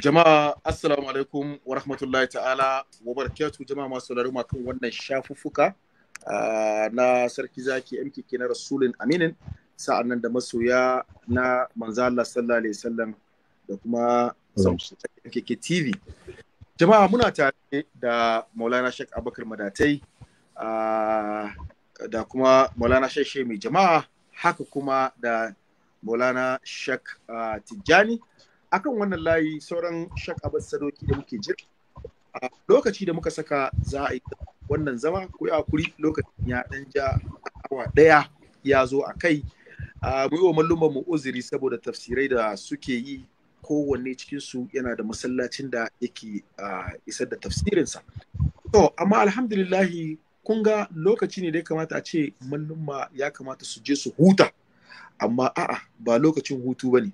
Jama'a assalamu alaikum wa rahmatullahi ta'ala wa barakatu jama'a masu sauraro kan wannan shafuffuka ah, na sarki zaki MKK na Rasulun Aminin sa'an nan da masoya na manzo Allah sallallahu alaihi wasallam da kuma MKK TV. Jama'a muna tare da Maulana Sheikh Abubakar Madatai ah, da kuma Maulana Sheikh mai jama'a haka kuma da Maulana Sheikh ah, Tijjani. akan wannan layi sauran shakabar sadoki da muke jira a lokaci da muka saka za a yi wannan zama ko ya kuri lokacin ya dan ja awa daya ya zo a kai mu yi wa malluman mu uzuri saboda tafsirai da suke yi kowanne cikinsu yana da masallacin da yake isar da tafsirinsa to amma alhamdulillahi kun ga lokaci ne da ya kamata a ce mallum'a ya kamata su je su huta amma a'a ba lokacin hutu ba ne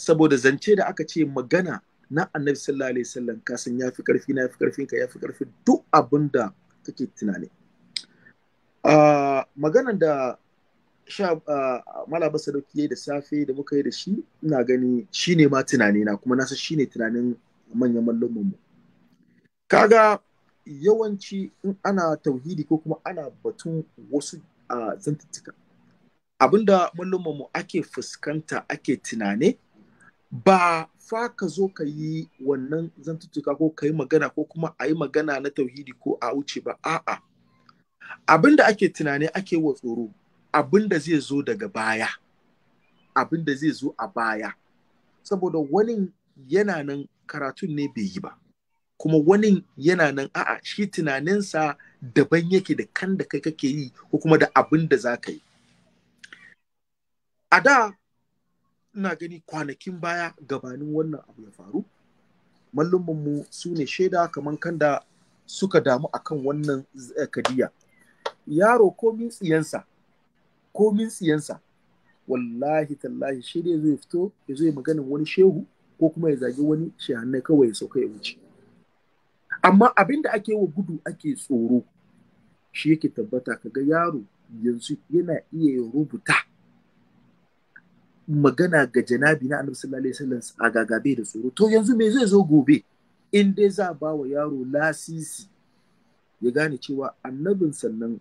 saboda zance da aka ce magana na annabi sallallahu alaihi wasallam ka san fi karfi na fi karfin ka ya fi karfi duk abin da kake tunani A maganan da sha uh, malaba sadauki da safe da muka yi da shi ina gani shine ma tunani na kuma san shine tunanin manyan mallumin mu kaga yawanci in ana tauhidi ko kuma ana batun wasu uh, zantuttuka abinda mallumin mu ake fuskanta ake tunane ba fa ka zo ka yi wannan zantuttuka ko ka yi magana ko kuma a yi magana na tauhidi ko a wuce ba a'a abin da ake tunani ake wa tsoro abin da zai zo daga baya abin da zai zo a baya saboda wani yana nan karatun ne bai yi ba kuma wani yana nan a'a shi tunaninsa daban yake da kan da kai kake yi ko kuma da abin da za ka yi a da ina gani kwanakin baya gabanin wannan abu ya faru mu sune ne shaida kamar kanda suka damu akan wannan eh, kadiya yaro komin tsiyansa komin tsiyansa wallahi tallahi shi zai fito ya zo ya maganin wani shehu ko kuma ya zagi wani shehanne kawai ya sauka ya wuce amma abin da ake wa gudu ake tsoro shi yake tabbata kaga yaro yanzu yana iya rubuta magana ga janabi na annabi sallallahu alaihi wasallam a gagabe da tsoro to yanzu me zai zo gobe in dai za ba wa yaro lasisi ya gane cewa annabin sannan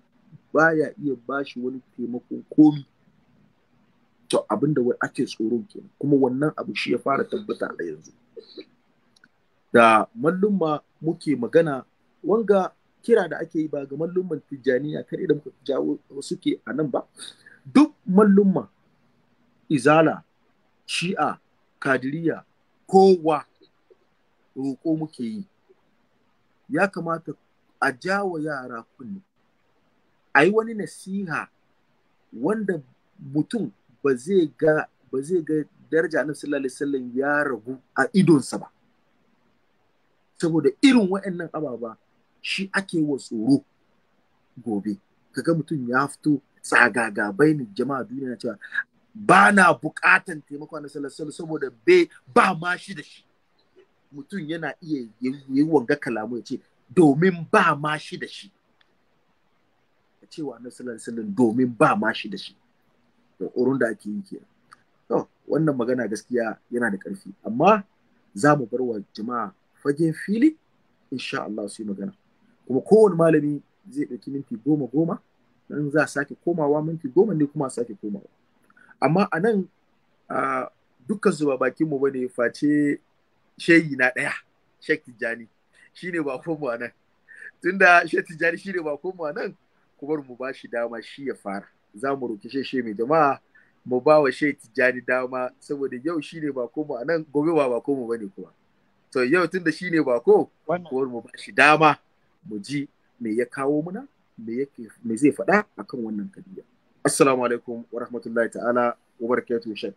baya iya bashi wani taimako komi to abinda wai ake tsoro kenan kuma wannan abu shi ya fara tabbata a yanzu da mallumma muke magana wanga kira da ake yi ba ga mallumman tijjaniya kare da muka jawo suke a nan ba duk mallumma izala shi'a kadiriya kowa roƙo muke yi ya kamata a jawo yara kunne a yi wani nasiha wanda mutum ba zai ga daraja na sallallahu alaihi ya ragu a idonsa ba saboda irin waɗannan ababa shi ake wa tsoro gobe kaga mutum ya fito tsagagabai ne jama'a duniya cewa ba na buƙatan taimakon na salasala saboda bai ba ma shi da shi mutum yana iya yi wanga kalamu ya ce domin ba ma shi da shi a cewa na salasala domin ba ma shi da shi da urun da ake yi kenan to wannan magana gaskiya yana da ƙarfi amma za mu bar wa jama'a fagen fili insha Allah su yi magana kuma kowane malami zai ɗauki minti goma goma nan za a sake komawa minti goma ne kuma a sake komawa amma a nan dukkan su ba bakin mu bane face shehi na ɗaya Sheikh Tijjani shine ba mu a nan tunda Sheikh Tijjani shine ba mu a nan kuma mu ba shi dama shi ya fara za mu roƙi sheshe mai jama'a mu ba wa Sheikh Tijjani dama saboda yau shine ba mu a nan gobe ba bakon mu bane kuma to yau tunda shine bako kuma mu ba shi dama mu ji me ya kawo muna me zai faɗa akan wannan kadiya assalamu alaikum wa rahmatullahi ta'ala wa barakatuhu shek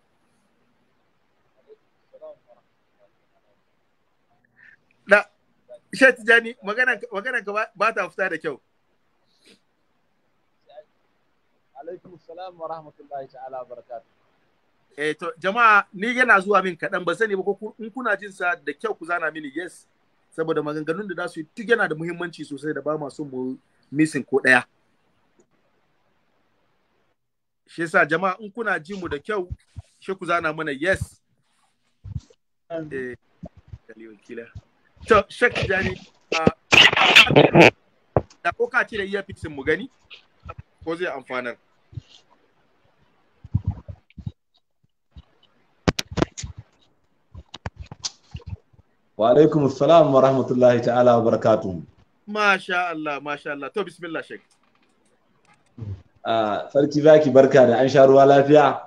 na shek tijani magana ka ba ta fita da kyau alaikum salam wa rahmatullahi ta'ala wa barakatuhu eh to jama'a ni yana zuwa min kaɗan ba sani ba ko in kuna jin sa da kyau ku zana mini yes saboda maganganun da za su yi duk yana da muhimmanci sosai da ba ma son mu missing ko ɗaya shi yasa jama'a in kuna ji mu da kyau shi ku zana mana yes eh, to shek jani da ko ka mu gani ko zai amfanar wa alaikum assalam wa rahmatullahi ta'ala wa barakatuhu masha Allah masha Allah to bismillah shek sarki baki barka da an sha ruwa lafiya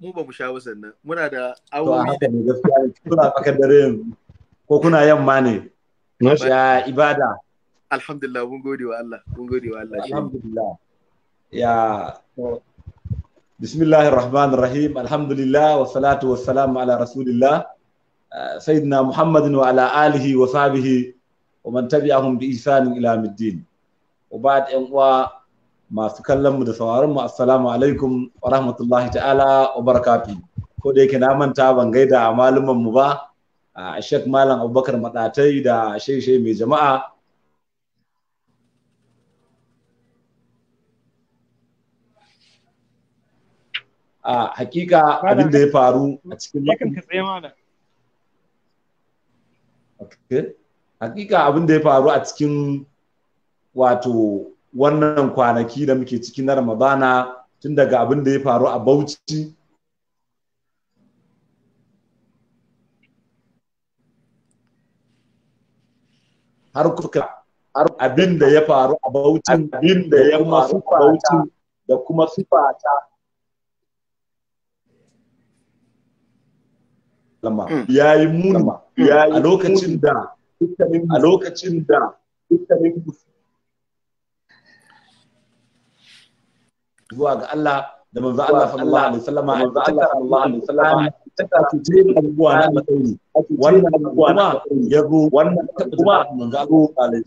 mu ba mu sha ba muna da awowi to haka ne gaskiya ne kuna fakar dare yanzu ko kuna yamma ne ya ibada alhamdulillah mun gode wa Allah mun gode wa Allah alhamdulillah ya bismillahir rahmanir rahim alhamdulillah wa salatu wa salam ala rasulillah sayyidina muhammadin wa ala alihi wa sahbihi wa man tabi'ahum bi ihsan ila middin wa ba'd yan uwa masu kallon mu da sauraron mu assalamu alaikum wa rahmatullahi ta'ala wa barakatu ko da yake na manta ban gaida malaman mu ba a shek malam abubakar madatai da shehe mai jama'a a hakika abin da ya faru a cikin hakika abin da ya faru a cikin wato wannan kwanaki da muke ciki na ramadana tun daga abin da ya faru a bauchi har kuka abin da ya faru a bauchi abin da ya faru a bauchi da kuma sifata lama hmm. hmm. ya yi muni a lokacin da a lokacin da zuwa ga Allah da manzo Allah sallallahu alaihi wasallama a Allah sallallahu alaihi wasallama ta ce mu abubuwa na matsayi wannan abubuwa na ya zo wannan kuma manzo Allah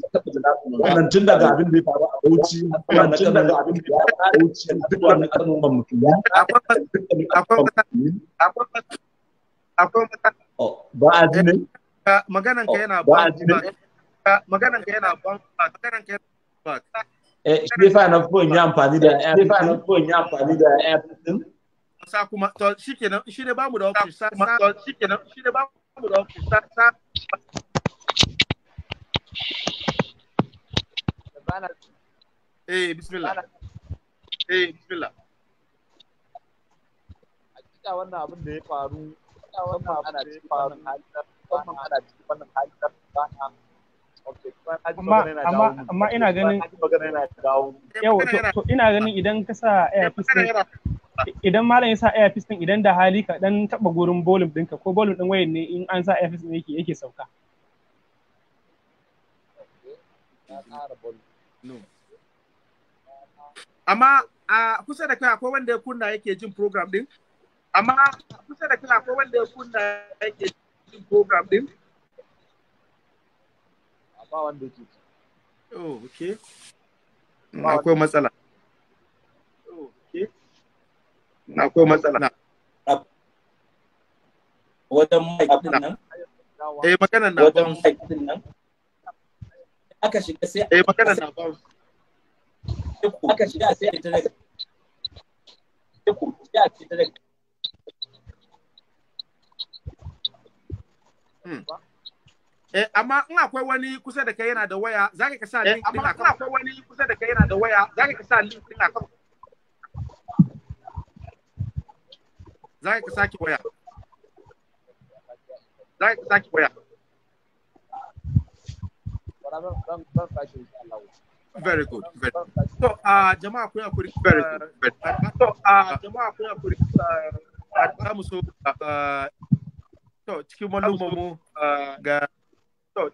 wannan tun daga abin da ya faru a Bauchi wannan tun daga abin da ya faru a Bauchi duk wannan kanon ban mutum ya akwai akwai ba a ji ne maganan ka yana oh, ba maganan ka yana ba maganan ka yana ba Stefan of ya amfani da app. Stefan ya amfani da Sa kuma to shikenan shi ne bamu da sa kuma to shikenan shi ne bamu da sa sa. Eh bismillah. Eh bismillah. wannan abin da ya faru, wannan abin da ya faru, wannan abin da ya faru, wannan abin da ya faru, amma ina ganin ina ganin idan ka sa airpiece idan malam ya sa airpiece din idan da hali ka dan taba gurin bolin dinka ko bolin din wayan ne in an sa airpiece ne yake yake sauka amma a kusa da kai akwai wanda ya kunna yake jin program din amma kusa da kai akwai wanda ya kunna yake jin program din wanda oh akwai matsala oh, akwai matsala wajen ma'aikatan nan eh magana na wajen ma'aikatan nan aka shiga sai eh magana na aka shiga sai a Hmm. Eh, amma in akwai wani kusa da kai yana da waya, za ka sa eh, link din akan. akwai wani kusa da kai yana da waya, za ka sa link din akan. Za ka saki waya. Za ka saki waya. Very good. Very good. So, uh, jama'a hakuri. Uh, very good. Very good. Uh, so, uh, jama'a hakuri. Uh, uh cikin ga To,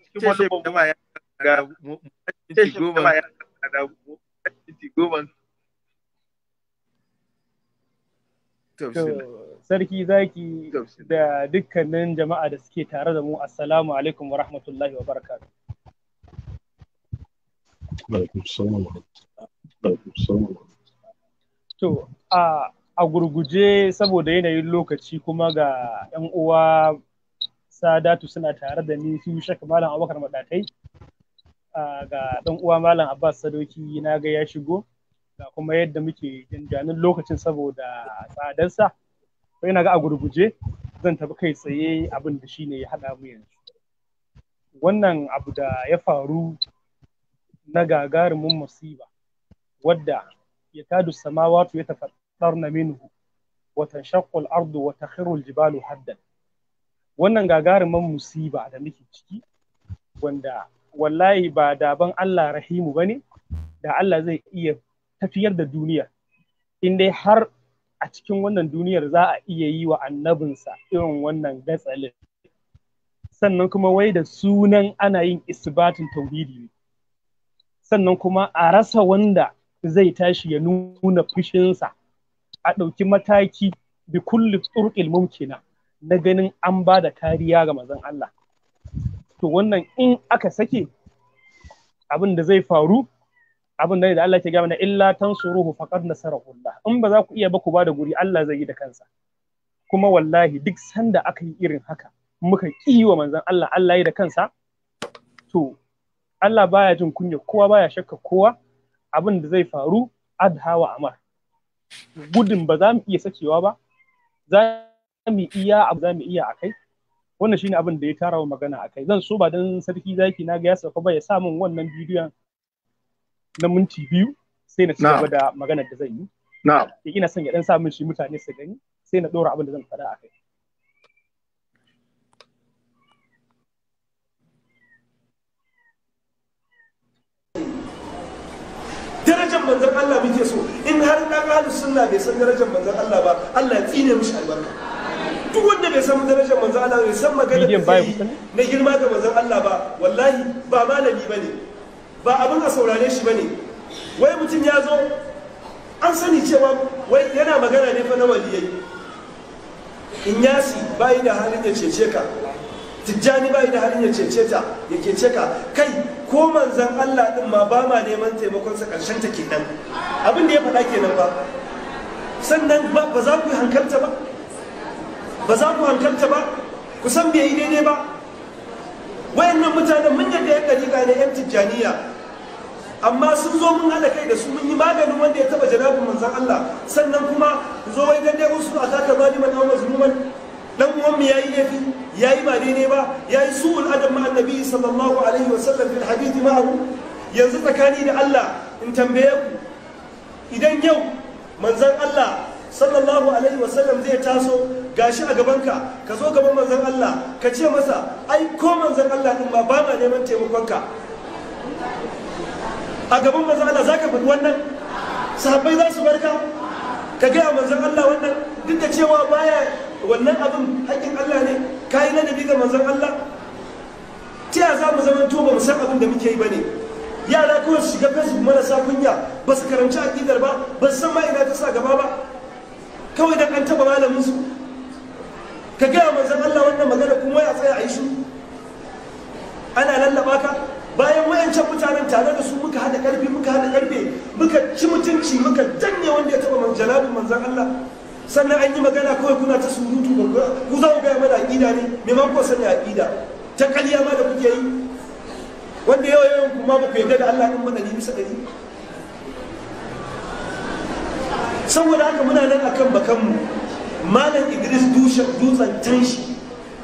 Sarki zaki da dukkanin jama'a da suke tare da mu, Assalamu alaikum wa rahmatullahi wa baraka. To, a gurguje saboda yanayin lokaci kuma ga 'yan uwa sadatu suna tare da ni su shaka malam abubakar madatai ga dan uwa malam abbas sadoki na ga ya shigo ga kuma yadda muke janjanin lokacin saboda tsadarsa sai na ga a gurguje zan tafi kai tsaye abin da shine ya haɗa mu yanzu wannan abu da ya faru na gagarumin musiba wadda ya tadu samawatu ya tafaddar na minhu watan shaqqul ardu wa takhiru al jibalu haddan wannan gagarumin musiba da muke ciki wanda wallahi ba daban Allah rahimu bane da Allah zai iya tafiyar da duniya in dai har a cikin wannan duniyar za a iya yi wa annabinsa irin wannan gatsalin sannan kuma wai da sunan ana yin isbatin tauhidi sannan kuma a rasa wanda zai tashi ya nuna fushinsa a ɗauki mataki bi kulli tsurƙil mumkina na ganin an ba da kariya ga mazan Allah to wannan in aka sake abin da zai faru abin da Allah ke gama na illa tan faƙar nasarar nasarahullah in ba za ku iya ba ku ba da guri Allah zai yi da kansa kuma wallahi duk sanda aka yi irin haka muka ƙi wa manzan Allah Allah yi da kansa to Allah baya jin kunya kowa baya shakka kowa abin da zai faru adha wa amar gudun ba za mu iya sakewa ba za mu iya abu za mu iya kai wannan shine abin da ya tara magana a kai. zan so ba dan sarki zaki na ga ya sauka ba ya sa min wannan bidiyon na minti biyu sai na ci gaba da magana da zan yi na'am eh, ina son ya dan sa min shi mutane su gani sai na dora abin da zan faɗa kai. darajar manzon Allah muke so in har dan ahlus sunna bai san darajar manzon Allah ba Allah ya tsine mishi albarka duk wanda bai san darajar manzon Allah bai san magana da zai na girma ga manzon Allah ba wallahi ba malami ba ne ba abin a saurare shi ba ne wai mutum ya zo an sani cewa wai yana magana ne fa na waliyai in yasi bayi da halin ya cece ka tijjani bayi da halin ya cece ta ya cece ka kai ko manzan Allah din ma ba ma neman taimakon sa karshen ta kenan abin da ya faɗa kenan ba sannan ba za ku yi hankalta ba ba za ku hankalta ba ku san bai yi daidai ba wayannan mutanen mun yadda ya kari ne yan tijjaniya amma sun zo mun haɗa kai da su mun yi maganin wanda ya taba janabin manzan Allah sannan kuma zo wai dan dai usul ataka zaliman aw mazluman dan uwan mu yayi laifi yayi ba daidai ba yayi su'ul adam ma annabi sallallahu alaihi wa sallam fil hadith ma'ahu yanzu tsakani da Allah in tambaye ku idan yau manzan Allah sallallahu alaihi wa sallam zai taso gashi a gabanka ka zo gaban manzan Allah ka ce masa ai ko manzan Allah din ma ba na neman taimakonka a gaban manzan Allah za ka faɗi wannan sahabbai za su barka ka gaya manzan Allah wannan duk da cewa baya wannan abin haƙƙin Allah ne ka yi ladabi ga manzan Allah ta ya za mu zama to ba mu san abin da muke yi ba ne yara kawai su shiga facebook marasa kunya ba su karanci aƙidar ba ba su san ma ina ta sa gaba ba kawai da an taɓa malamin su ka gaya manzan Allah wannan magana kuma ya tsaya a yi shiru ana lallaba ka bayan wayancan mutanen tare da su muka hada karfi muka hada karfe muka ci mutunci muka janye wanda ya taba jalabin manzan Allah sannan an yi magana kawai kuna ta surutu ku za ku gaya mana aƙida ne maimakon ku sani aƙida ta ƙarya ma da kuke yi wanda yau yawan kuma ba ku yarda da Allah in madani bisa ɗari saboda haka muna nan akan bakanmu malam idris dutsen can shi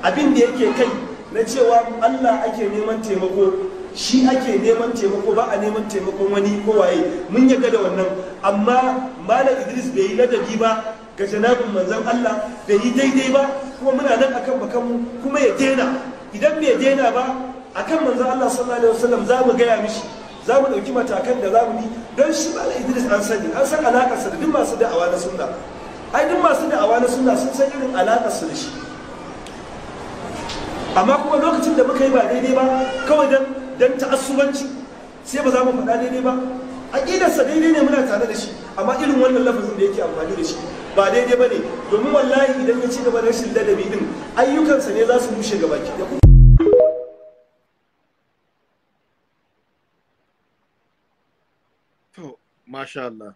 abinda yake kai na cewa allah ake neman taimako shi ake neman taimako ba a neman taimakon wani kowaye mun yaga da wannan amma malam idris bai yi ladabi ba ga janabin manzan allah bai yi daidai ba kuma muna nan akan bakanmu kuma ya daina idan bai daina ba akan manzan allah sallallahu alaihi za mu gaya mishi za mu ɗauki matakan da za mu yi don shi malam idris an sani an san alaƙarsa da duk masu da'awa na sunna ai duk masu da'awa na suna sun san irin alaƙa su da shi amma kuma lokacin da muka yi ba daidai ba kawai dan dan ta'assubanci sai ba za mu faɗa daidai ba sa daidai ne muna tare da shi amma irin wannan lafazin da yake amfani da shi ba daidai ba ne domin wallahi idan ya ci gaba da rashin ladabi din ayyukansa ne za su rushe gaba ki masha Allah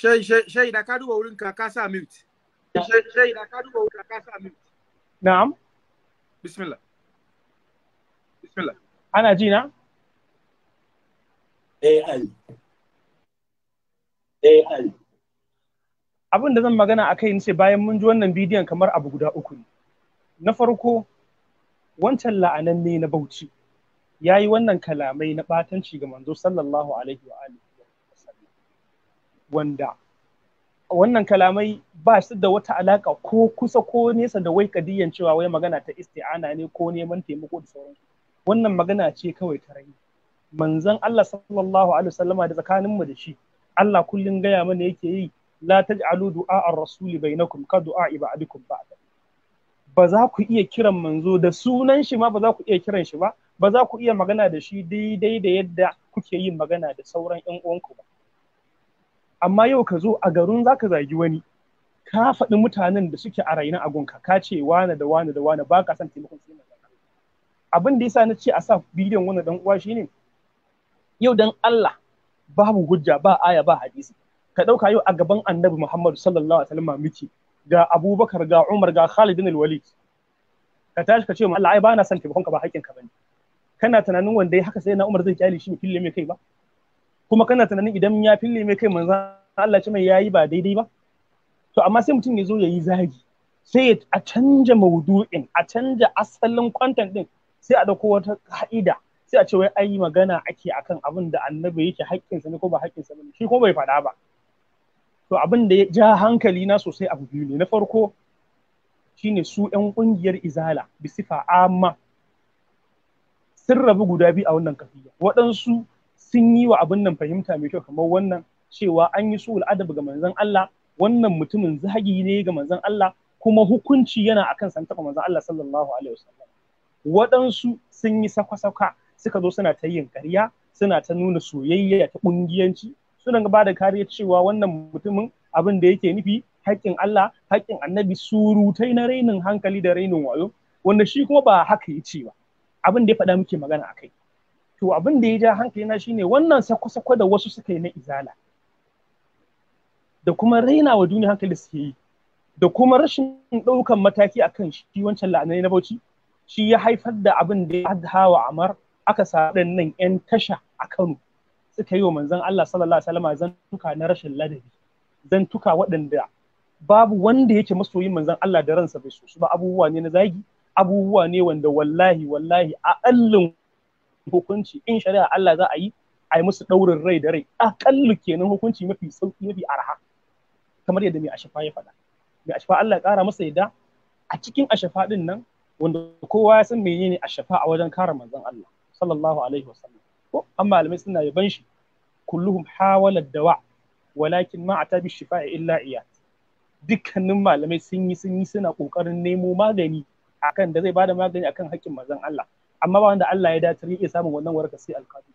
Shai, ka duba wurin ka sa mute. Na'am. Ana ji na? AI. Abin da zan magana a kai ce bayan mun ji wannan bidiyon kamar abu guda uku ne. Na farko, wancan la'ananne na Bauchi yayi wannan kalamai na ɓatanci ga manzo sallallahu alaihi wa alihi. wanda wannan kalamai ba su da wata alaka ko kusa ko nesa da wai kadiyan cewa wai magana ta isti'ana ne ko neman taimako da sauransu wannan magana ce kawai ta rai manzon Allah sallallahu alaihi wasallama da tsakanin mu da shi Allah kullun gaya mana yake yi la taj'alu du'a ar-rasuli bainakum ka du'a ibadikum ba'da ba za ku iya kiran manzo da sunan shi ma ba za ku iya kiran shi ba ba za ku iya magana da shi daidai da yadda kuke yin magana da sauran ƴan uwanku ba amma yau ka zo a garin zaka zagi wani ka faɗi mutanen da suke a raina gunka ka ce wane da wane da wane ba ka son taimakon su abin da yasa na ce a sa bidiyon wannan dan uwa shine yau dan Allah babu hujja ba aya ba hadisi ka ɗauka yau a gaban annabi Muhammadu sallallahu alaihi wasallam miki ga Abubakar ga Umar ga Khalid bin Walid ka tashi ka ce ma Allah ai ba na son taimakon ka ba haƙƙin ka bane kana tunanin wanda ya haka sai na Umar zai kyale shi mu kille mai kai ba kuma kana tunanin idan ya fille mai kai manzan Allah ce mai yayi ba daidai ba to amma sai mutum ya zo ya yi zagi sai a canja maudu'in a canja asalin content din sai a dauko wata ka'ida sai a ce wai ai magana ake akan abin da annabi yake haƙƙinsa ne ko ba haƙƙinsa ba shi ko bai faɗa ba to abin da ya ja hankali na sosai a biyu ne na farko shine su 'yan ƙungiyar izala bisifa amma sun rabu guda biyu a wannan kafiya waɗansu sun yi wa abin nan fahimta mai kyau kamar wannan cewa an yi su adab ga manzon Allah wannan mutumin zagi ne ga manzon Allah kuma hukunci yana akan san taɓa manzon Allah sallallahu alaihi wasallam waɗansu sun yi sakwa-sakwa suka zo suna ta yin ƙarya suna ta nuna soyayya ta ƙungiyanci suna ba da kariya cewa wannan mutumin abin da yake nufi haƙƙin Allah haƙƙin annabi surutai na rainin hankali da rainin wayo wanda shi kuma ba haka ya ce ba abin da ya faɗa muke magana a kai to abin da ya ja hankalina shine wannan sako-sako da wasu suka yi na izala da kuma raina wa duniya hankali suke yi da kuma rashin ɗaukan mataki akan shi wancan la'anai na bauchi shi ya haifar da abin da ya hawa amar aka sa nan yan tasha a Kano suka yi wa manzon Allah sallallahu alaihi wasallam zantuka na rashin ladabi zantuka waɗanda babu wanda yake masoyin manzon Allah da ransa bai so su ba abubuwa ne na zagi abubuwa ne wanda wallahi wallahi a allin hukunci in shari'a Allah za a yi a yi musu ɗaurin rai da rai aƙallu kenan hukunci mafi sauƙi mafi arha kamar yadda mai ashafa ya faɗa mai ashafa Allah ya ƙara masa yadda a cikin ashafa ɗin nan wanda kowa ya san menene ashafa a wajen kare manzon Allah sallallahu alaihi wasallam ko amma malamai suna yaban shi kulluhum hawala dawa walakin ma atabi shifa'i illa iya. dukkanin malamai sun yi sun yi suna ƙoƙarin nemo magani akan da zai bada magani akan haƙƙin manzon Allah amma ba wanda Allah ya dace yake samun wannan waraka sai alqadi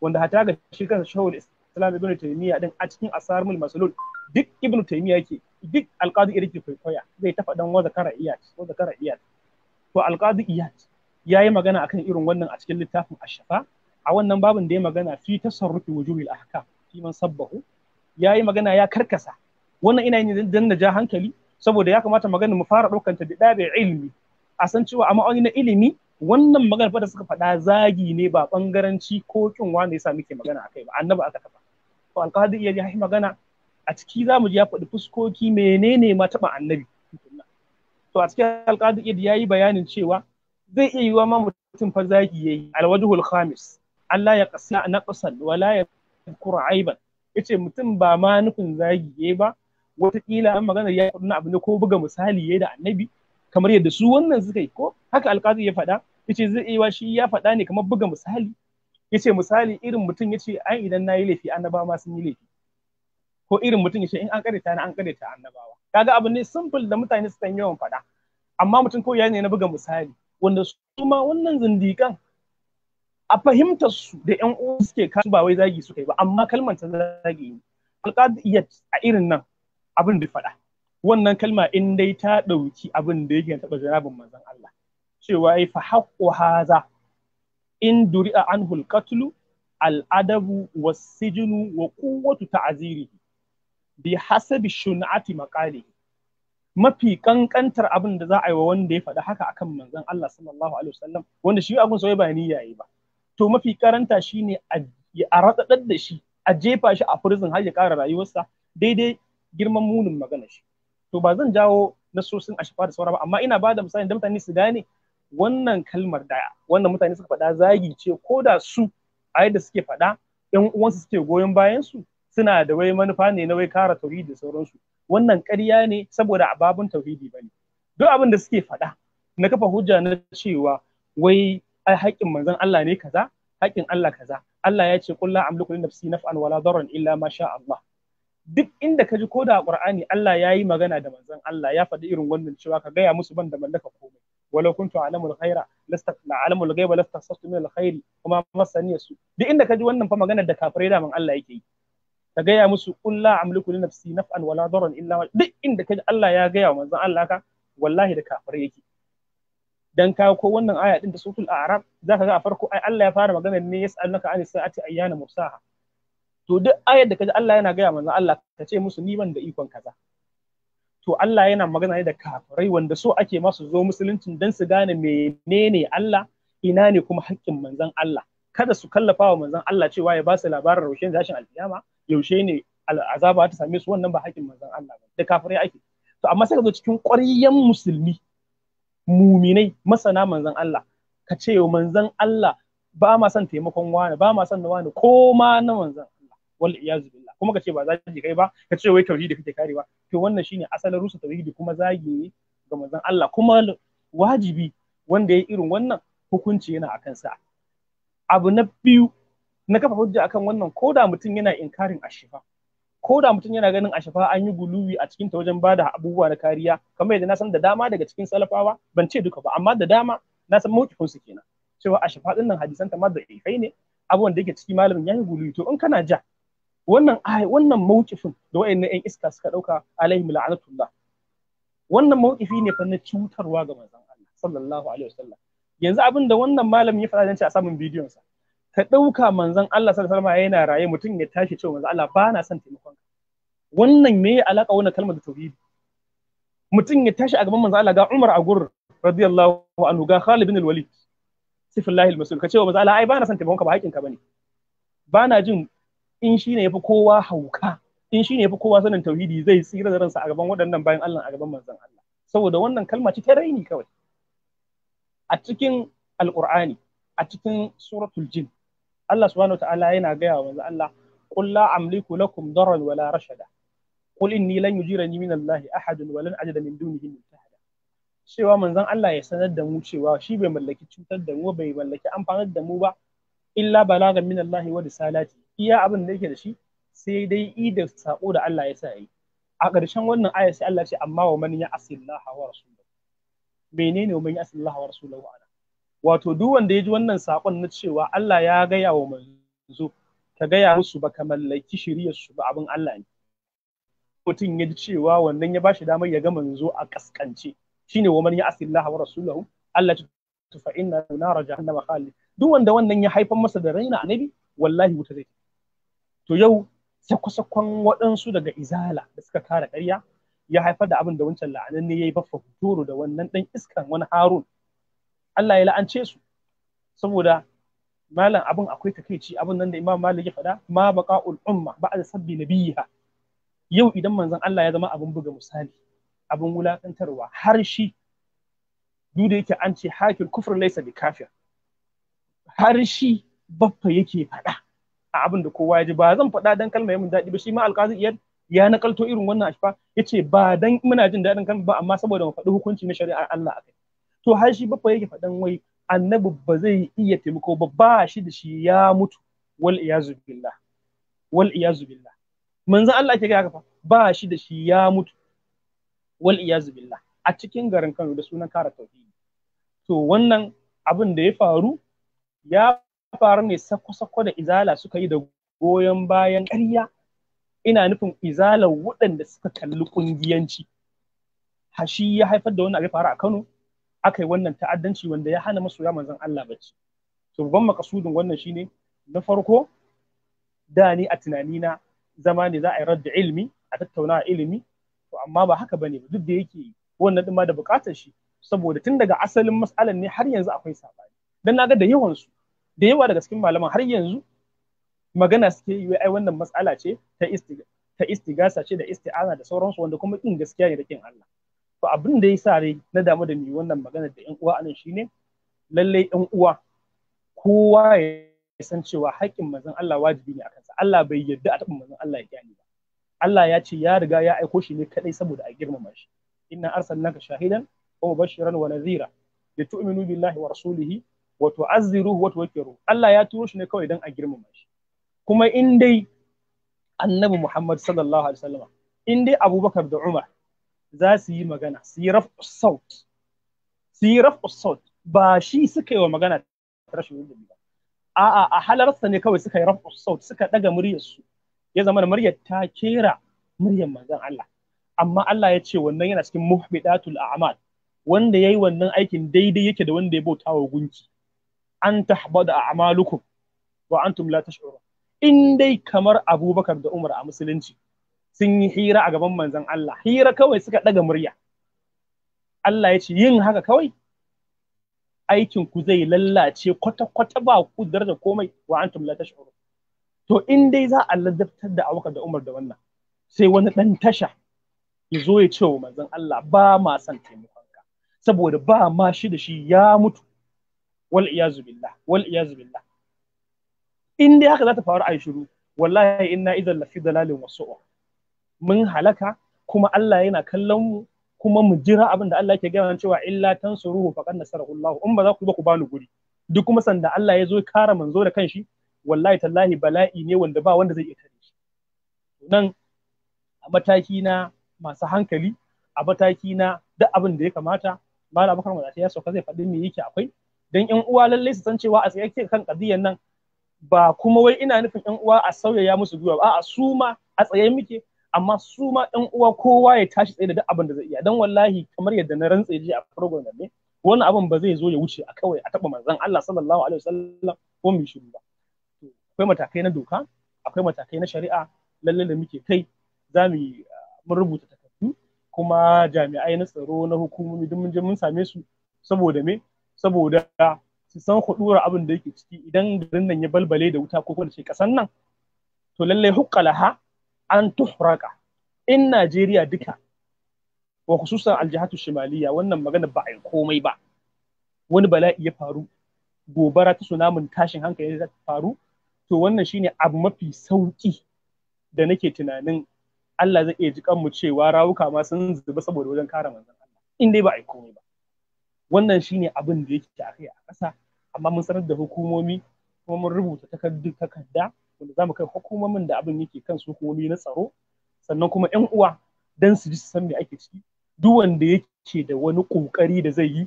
wanda hatta ga shi kansa shawul islam ibnu taymiya din a cikin asarmul maslul duk ibnu taymiya yake duk alqadi irki kwaikwaya zai ta faɗan wa zakara iyat wa zakara iyat to alqadi iyat yayi magana akan irin wannan a cikin littafin ash-shafa a wannan babin da ya magana fi tasarrufi wujuhil ahkam fi man sabbahu yayi magana ya karkasa wannan ina yin dan na ja hankali saboda ya kamata magana mu fara ɗaukanta da ɗabe ilmi a san cewa a na ilimi wannan magana da suka faɗa zagi ne ba bangaranci ko kin wanda yasa muke magana akai ba annabi aka kafa. to alƙadi iya yi magana a ciki za mu ji ya faɗi fuskoki menene ma taɓa annabi to a cikin alƙadi iya ya yi bayanin cewa zai iya yiwa ma mutum fa zagi yayi alwajhul khamis Allah ya na naqsan wala ya kura aiban yace mutum ba ma nufin zagi yi ba wataƙila an magana ya faɗi abu ne ko buga misali yayi da annabi kamar yadda su wannan suka yi ko haka alƙadi ya faɗa yace zai iya shi ya faɗa ne kamar buga misali yace misali irin mutum yace an idan nayi laifi annabawa ma sun yi laifi ko irin mutum yace in an karanta na an karanta annabawa kaga abu ne simple da mutane su san yawan faɗa amma mutum ko ya ne na buga misali wanda su ma wannan zindikan a fahimtar su da yan uwa suke kasu ba wai zagi suka yi ba amma kalmar ta zagi ne alqadiyat a irin nan abin da faɗa wannan kalma in dai ta ɗauki abin da yake taɓa jarabin manzon Allah cewa fa haqqu haza in duri'a an al-qatlu al-adabu was-sijnu wa quwwatu ta'zirihi bi hasabi shun'ati maƙali. mafi ƙanƙantar abin da za a yi wa wanda ya faɗi haka akan manzon Allah sallallahu alaihi wasallam wanda shi abin sai ba niyya yi ba to mafi karanta shine a ratsadar da shi a jefa shi a prison har ya ƙara rayuwarsa daidai girman munin magana shi to ba zan jawo nasosin a shafa da saura ba amma ina ba da misali da mutane su gane wannan kalmar da wannan mutane suka faɗa zagi ce ko da su a yadda suke faɗa yan uwansu suke goyon bayan su suna da wai manufa ne na wai kara tauhidi da sauransu wannan ƙarya ne saboda a babun tauhidi bane duk abin da suke faɗa na kafa hujja na cewa wai ai haƙƙin manzon Allah ne kaza haƙƙin Allah kaza Allah ya ce kullu amliku li nafsi naf'an wala darran illa ma sha Allah duk inda ka ji ko da Qur'ani Allah ya yi magana da manzon Allah ya faɗi irin wannan cewa ka gaya musu ban da mallaka komai walau kuntu alamul ghaira lasta alamul ghaiba lasta sastu min alkhairi kuma masani su duk inda kaji wannan fa maganar da kafirai da man Allah yake yi ka gaya musu qul la amliku li nafsi naf'an wala darran illa ma duk inda kaji Allah ya gaya wa manzon Allah ka wallahi da kafirai yake dan ka ko wannan aya din da suratul a'raf zaka ga a farko ai Allah ya fara magana ne yas'alunaka anis sa'ati ayyana mursaha to duk ayar da kaji Allah yana gaya manzon Allah ka ce musu ni ban da ikon kaza to Allah yana magana ne da kafirai wanda so ake masu zo musuluncin dan su gane menene Allah ina ne kuma haƙƙin manzon Allah kada su kallafa wa manzon Allah cewa ya ba su labarin da zashin alkiyama yaushe ne azaba ta same su wannan ba haƙƙin manzon Allah ba da kafirai ake to amma sai ka zo cikin ƙwaryan musulmi muminai masana manzon Allah ka ce manzon Allah ba ma son taimakon wani ba ma son na wani ko ma na manzon Allah wal iyazu kuma ka ce ba ki kai ba ka ce wai tauhidi kake karewa to wannan shine asalin rusa tauhidi kuma zagi ne ga manzon Allah kuma wajibi wanda ya irin wannan hukunci yana akan sa abu na biyu na kafa hujja akan wannan koda da mutum yana inkarin ashifa Koda da mutum yana ganin ashifa an yi guluwi a cikin ta wajen bada abubuwa na kariya kamar yadda na san da dama daga cikin salafawa ban ce duka ba amma da dama na san mawkifin su kenan cewa ashifa din nan hadisan ta ma da ne abubuwan da yake ciki malamin ya yi guluwi to in kana ja wannan ai wannan mawqifin da wayannan ƴan iska suka dauka alaihim la'anatullah wannan mawqifi ne fa na cutarwa ga manzon Allah sallallahu alaihi wasallam yanzu abin da wannan malam ya faɗa ce a samun bidiyon sa ka dauka manzon Allah sallallahu alaihi wasallam yana raye mutum ya tashi cewa manzon Allah ba na son taimakon ka wannan me ya alaka wannan kalmar da tauhidi mutum ya tashi a gaban manzon Allah ga Umar a gurin radiyallahu anhu ga Khalid bin al-Walid sifillahi al-masul kace wa manzon Allah ai ba na son taimakon ka ba haƙin ka bane ba na jin in shi ne ya fi kowa hauka in shi ne ya fi kowa sanin tauhidi zai tsira da ransa a gaban waɗannan bayan Allah a gaban manzon Allah saboda wannan kalma ce ta raini kawai a cikin alqur'ani a cikin suratul jin Allah subhanahu ta'ala yana gaya wa manzon Allah qul la amliku lakum darran wala rashada qul inni lan yujirani min Allah ahadun wa lan ajida min dunihi multahada cewa manzon Allah ya sanar da mu cewa shi bai mallaki cutar da mu bai mallaki amfanar da mu ba illa balagan min Allah wa risalati iya abin da yake da shi sai dai i da sako da Allah ya sa yi a ƙarshen wannan aya sai Allah ce amma wa man ya'sillaha wa rasulahu menene wa man ya'sillaha wa rasulahu ana wato duk wanda ya ji wannan sakon na cewa Allah ya gaya wa manzo ka gaya musu ba kamar laiki shiriyar su ba abin Allah ne mutum ya ji cewa wannan ya bashi damar ya ga manzo a kaskance shine wa man ya'sillaha wa rasulahu Allah ta fa inna nara jahannama khalid duk wanda wannan ya haifar masa da raina annabi wallahi wuta zai to yau sakwa waɗansu daga izala da suka kara ƙarya ya haifar da abin da wancan la'anan ne ya yi baffa huturu da wannan ɗan iskan wani harun Allah ya la'ance su saboda malam abin akwai takaici abin nan da imam malik ya faɗa ma baqa'ul umma ba'da sabbi nabiyha yau idan manzon Allah ya zama abin buga misali abin wulakantarwa har shi duk da yake an ce hakil kufr laysa bi kafir har shi baffa yake faɗa a abin da kowa ya ji ba zan faɗa dan kalma mun daɗi ba shi ma alƙazi iyad ya nakalto irin wannan ashfa ce ba dan muna jin daɗin kalma ba amma saboda mu faɗi hukunci na shari'ar Allah akai to har shi baffa yake faɗan wai annabi ba zai iya taimako ba ba shi da shi ya mutu wal iyazu billah wal iyazu billah manzon Allah ke ga haka fa ba shi da shi ya mutu wal iyazu billah a cikin garin Kano da sunan kara tauhidi to wannan abin da ya faru ya faru ne sako-sako da izala suka yi da goyon bayan ƙarya ina nufin izala waɗanda suka kalli ƙungiyanci hashi ya haifar da wani abu faru a Kano aka yi wannan ta'addanci wanda ya hana masoya manzon Allah bacci to babban makasudin wannan shine na farko da ni a tunani na zama ne za a yi radda ilimi a tattauna ilimi to amma ba haka bane duk da yake wannan din ma da bukatar shi saboda tun daga asalin mas'alan ne har yanzu akwai sabani dan naga da yawan su da yawa daga cikin malaman har yanzu magana suke yi ai wannan matsala ce ta istiga ta istigasa ce da isti'ana da sauransu wanda kuma kin gaskiya ne da kin Allah to abin da yasa dai na damu da mi wannan magana da yan uwa anan shine lalle yan uwa kowa ya san cewa haƙƙin manzon Allah wajibi ne akan sa Allah bai yarda a taɓa manzon Allah ya kyani ba Allah ya ce ya riga ya aiko shi ne kadai saboda a girmama shi inna arsalnaka shahidan wa mubashiran wa nadhira litu'minu billahi wa rasulihi wato azziruhu wato wakiru Allah ya turo shi ne kawai don a girmama shi kuma in dai annabi Muhammad sallallahu alaihi wasallam in dai Abubakar da Umar za su yi magana su yi raf'u su yi raf'u ba shi suka yi wa magana ta rashin ba a'a a halarsa ne kawai suka yi raf'u saut suka daga muryar su ya zama muryar ta kera muryar manzon Allah amma Allah ya ce wannan yana cikin muhbidatul a'mal wanda yayi wannan aikin daidai yake da wanda ya bauta wa gunki an a a'malukum wa antum la tash'urun in dai kamar Abubakar da Umar a musulunci sun yi hira a gaban manzan Allah hira kawai suka ɗaga murya Allah ya ce yin haka kawai aikin ku zai lallace kwata kwata ba ku da komai wa antum la tash'urun to in dai za a lazabtar da Abubakar da Umar da wannan sai wani ɗan tasha ya zo ya ce wa manzon Allah ba ma son taimakonka saboda ba ma shi da shi ya mutu wal iyazu billah wal iyazu billah in dai haka zata faru a shiru wallahi inna idan lafi dalalin wasu. mun halaka kuma Allah yana kallon mu kuma mu jira abin da Allah yake gaya mana cewa illa tansuruhu faqad nasarahu Allah in ba za ku ba ku bani guri duk kuma sanda Allah ya zo kara manzo da kanshi wallahi tallahi bala'i ne wanda ba wanda zai iya tare shi nan a mataki na masu hankali a mataki na duk abin da ya kamata malam bakar ya sauka zai faɗi me yake akwai dan yan uwa lallai su san cewa a tsaye ke kan kadiyan nan ba kuma wai ina nufin yan uwa a sauyaya musu gwiwa ba a su ma a tsaye muke amma su ma yan uwa kowa ya tashi tsaye da duk abin da zai iya dan wallahi kamar yadda na rantse ji a program ne wani abin ba zai zo ya wuce a kawai a taba manzon Allah sallallahu alaihi wasallam ko mu shiru ba akwai matakai na doka akwai matakai na shari'a lalle da muke kai za mu ah, mun rubuta takardu kuma jami'ai na tsaro na hukumomi duk mun je mun same su saboda me saboda su san hudura abin da yake ciki idan garin nan ya balbale da wuta ko kuma ce kasan nan to lalle hukkalaha an tuhraka in Najeriya duka wa khususan aljihatu shimaliya wannan magana ba a komai ba wani bala'i ya faru gobara ta tsunamin tashin hankali ta faru to wannan shine abu mafi sauki da nake tunanin Allah zai iya ji kanmu cewa rawuka ma sun zuba saboda wajen kare manzon Allah in dai ba a yi komai ba wannan shine abin da yake akai a ƙasa amma mun sanar da hukumomi kuma mun rubuta takardun takarda wanda zamu kai hukumomin da abin yake kan su hukumomi na tsaro sannan kuma yan uwa dan su ji su san me ake ciki duk wanda yake da wani kokari da zai yi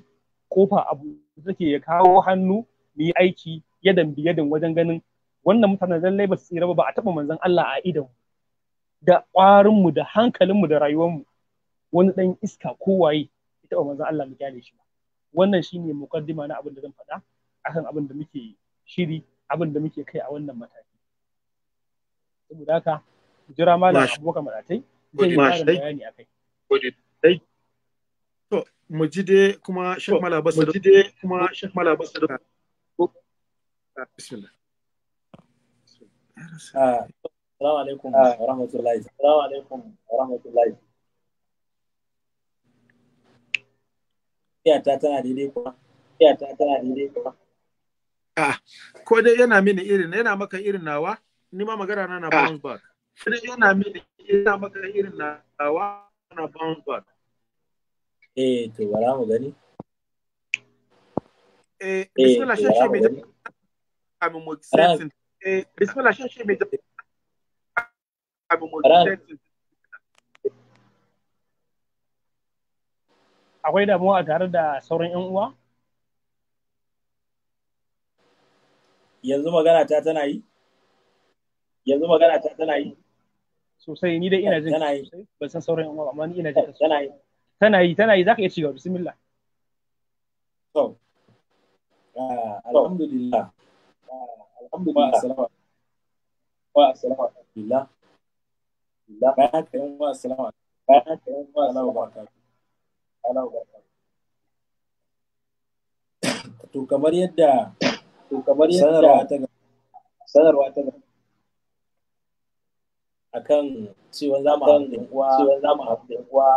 kofa abu take ya kawo hannu mu yi aiki yadan yadan wajen ganin wannan mutanen lallai ba su tsira ba a taɓa manzon Allah a idan da ƙwarinmu da hankalinmu da rayuwarmu wani ɗan iska ko waye ya taɓa manzan Allah mu gyale shi ba wannan shine mukaddima na abin da zan faɗa akan abin da muke shiri abin da muke kai a wannan mataki saboda haka jira malam abubakar madatai zai yi ƙarin bayani akai to mu ji dai kuma shek malabasa mu ji dai kuma shek malabasa da bismillah ah, assalamu alaikum wa rahmatullahi assalamu alaikum wa rahmatullahi ta tana daidai kuwa ta tana daidai a ah, ko dai yana mini irin yana maka irin nawa ni ma magana na na bounce back ko dai yana mini yana maka irin nawa na bounce back eh to bara mu gani eh bismillah shashe mu sentin eh bismillah shashe mu sentin eh, akwai damuwa a tare da sauran 'yan uwa? Yanzu magana ta tana yi? Yanzu magana ta tana yi? Sosai ni dai ina jin tana yi. Ban san sauran 'yan uwa amma ni ina jin tana yi. Tana yi tana yi ka iya cigaba bismillah. To. Ah, alhamdulillah. Ah, alhamdulillah. Wa assalamu alaikum. Bayan haka yan wa assalamu alaikum. Bayan wa assalamu alaikum. to kamar yadda to kamar yadda ta sanarwa ta akan ciwon za mu uwa cewa za uwa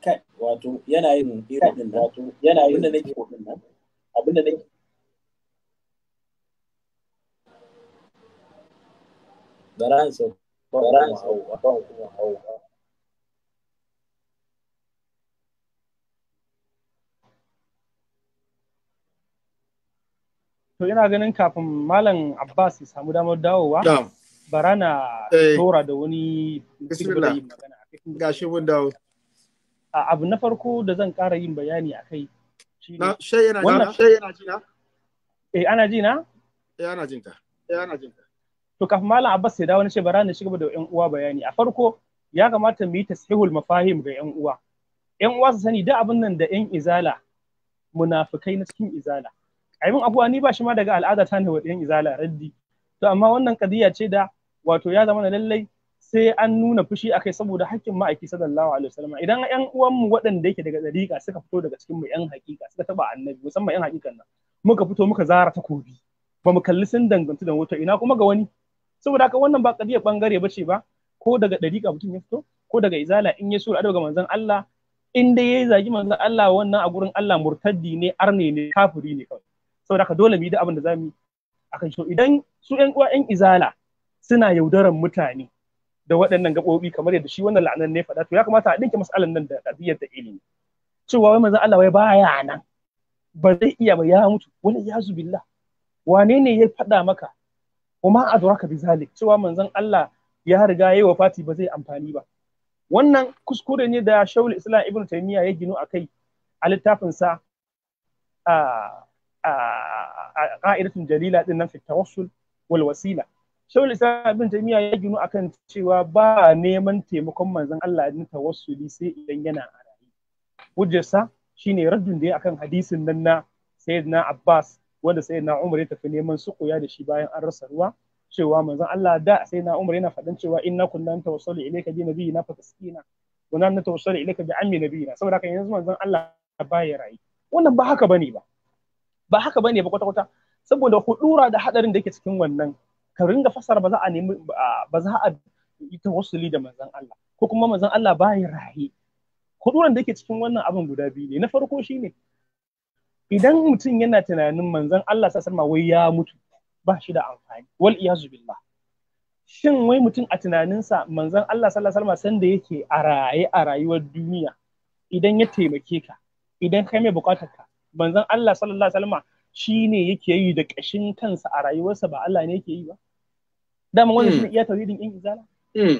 kai wato yana yin irin din wato yana yin da nake kokin nan abinda nake da ran sau Faransa, akan kuma hauka. To ina ganin kafin Malam Abbas ya samu damar dawowa. Bara na tora eh. da wani gashi mun dawo. Abu na farko da zan ƙara yin bayani a kai. Shai yana jina? Eh ana jina? Eh ana jinta. Eh ana jinta. to kafin malam abbas ya dawo na ce bara na shiga da yan uwa bayani a farko ya kamata mu yi tasihul mafahim ga yan uwa yan uwa su sani da abin nan da yan izala munafikai na cikin izala A abin abuwa ni ba shi ma daga al'ada ta ne wa yan izala raddi to amma wannan kadiya ce da wato ya zama na lallai sai an nuna fushi akai saboda hakkin ma'aiki sallallahu alaihi wasallam idan yan uwan mu waɗanda yake daga dariƙa suka fito daga cikin mu yan hakika suka taba annabi musamman yan haƙiƙan nan muka fito muka zara takobi ba mu kalli sun danganta da wato ina kuma ga wani saboda haka wannan ba kadiyar bangare ce ba ko daga dariƙa mutum ya fito ko daga izala in ya sura daga manzon Allah in dai yayi zagi manzon Allah wannan a gurin Allah murtaddi ne arne ne kafiri ne kawai saboda haka dole mu yi da abin da zamu yi akan shi idan su ƴan uwa ƴan izala suna yaudaran mutane da waɗannan gaɓoɓi kamar yadda shi wannan la'anan ne faɗa to ya kamata a ɗinke mas'alan nan da ƙadiyar da ilimi cewa wai manzon Allah wai baya nan ba zai iya ba ya mutu wani ya billah wane ne ya faɗa maka kuma adraka bi zalik cewa manzon Allah ya riga ya yayi wafati ba zai amfani ba wannan kuskure ne da Shaul Islam Ibn Taymiyyah ya ginu akai a littafin sa a ka'idatun jalila din nan fi tawassul wal wasila Shaul Islam Ibn Taymiyyah ya ginu akan cewa ba neman taimakon manzon Allah din tawassuli sai idan yana a raye hujjarsa shine raddun da ya akan hadisin nan na Sayyidina Abbas wanda sai na Umar ya tafi neman ya da shi bayan an rasa ruwa cewa manzon Allah da sai na Umar yana faɗin cewa inna kunna tawassalu ilayka bi nabiyina fa tasqina wa nan tawassalu ilayka bi ammi nabiyina saboda haka yanzu manzon Allah ba ya rayi wannan ba haka bane ba ba haka bane ba kwata kwata saboda hudura da hadarin da yake cikin wannan ka ringa fasara ba za a nemi ba za a yi tawassuli da manzon Allah ko kuma manzon Allah baya rayi huduran da yake cikin wannan abin guda biyu ne na farko shine idan mutum yana tunanin manzon Allah sallallahu wai ya mutu ba shi da amfani wal iyazu billah shin wai mutum a tunaninsa manzon Allah sallallahu alaihi sanda yake a raye a rayuwar duniya idan ya taimake ka idan kai mai bukatar ka manzon Allah sallallahu alaihi wasallam shine yake yi da kashin kansa a rayuwarsa ba Allah ne yake yi ba dama wannan hmm. shine iya tauhidin in izala hmm.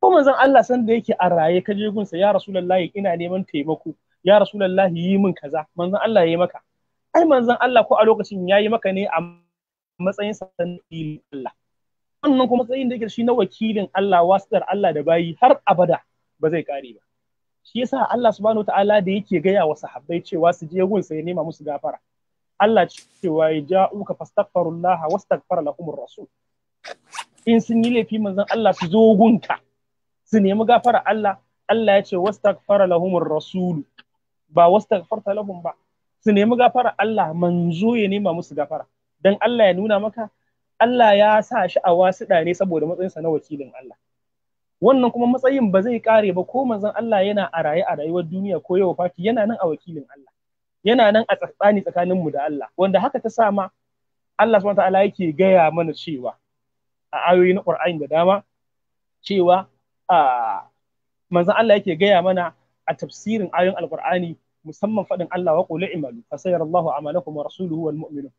ko manzon Allah sanda yake a raye ka je gunsa ya rasulullahi ina neman taimako ya rasulullahi yi min kaza manzon Allah ya yi maka ai manzon Allah ko a lokacin yayi maka ne a matsayin sa Allah wannan kuma matsayin da yake shi na wakilin Allah wasdar Allah da bayi har abada ba zai kare ba shi yasa Allah subhanahu wataala da yake gaya wa sahabbai cewa su je gun sai nema musu gafara Allah cewa ya ja'uka fastaghfirullah wastaghfar lahumur rasul in sun yi laifi manzon Allah su zo gunka su nemi gafara Allah Allah ya ce wastaghfara lahumur rasulu ba wasu wastaghfarta lahum ba su nemi gafara Allah manzo ya nema musu gafara dan Allah ya nuna maka Allah ya sa shi a wasiɗa ne saboda matsayinsa na wakilin Allah wannan kuma matsayin ba zai kare ba ko manzon Allah yana a raye a rayuwar duniya ko yau fati yana nan a wakilin Allah yana nan a tsakani tsakanin mu da Allah wanda haka ta sa ma Allah subhanahu wataala yake gaya mana cewa a ayoyi na Qur'ani da dama cewa a manzon Allah yake gaya mana a tafsirin ayoyin Alqur'ani musamman faɗin Allah wa qul i'malu fa sayarallahu amalakum wa rasuluhu wal mu'minun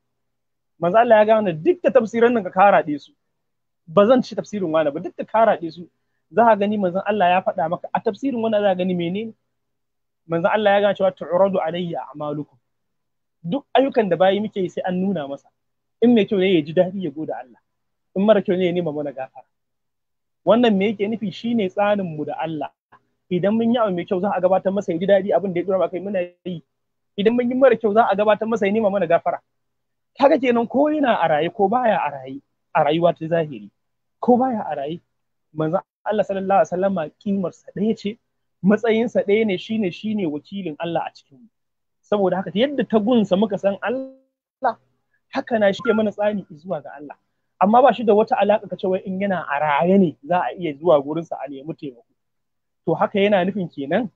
manzo Allah ya gane duk da tafsirin nan ka karaɗe su ba zan ci tafsirin wani ba duk da karaɗe su za a gani manzon Allah ya faɗa maka a tafsirin wani za ka gani menene manzon Allah ya ga cewa tu'radu alayya a'malukum duk ayyukan da bayi muke sai an nuna masa in mai kyau ne ya ji daɗi ya goda Allah in mara kyau ne ya nema mana gafara wannan me yake nufi shine tsarin mu da Allah idan mun yi abu mai kyau za a gabatar masa ya ji daɗi abin da ya dora kai muna yi idan mun yi mara kyau za a gabatar masa ya nema mana gafara kaga kenan ko yana a raye ko baya a raye a rayuwa ta zahiri ko baya a raye manzo Allah sallallahu alaihi wasallama kimar sa ɗaya ce matsayin sa ɗaya ne shine shine wakilin Allah a cikin mu saboda haka yadda ta gunsa muka san Allah haka na shike mana tsani zuwa ga Allah amma ba shi da wata alaka ka cewa in yana a raye ne za a iya zuwa wurinsa a nemi taimako to haka yana nufin kenan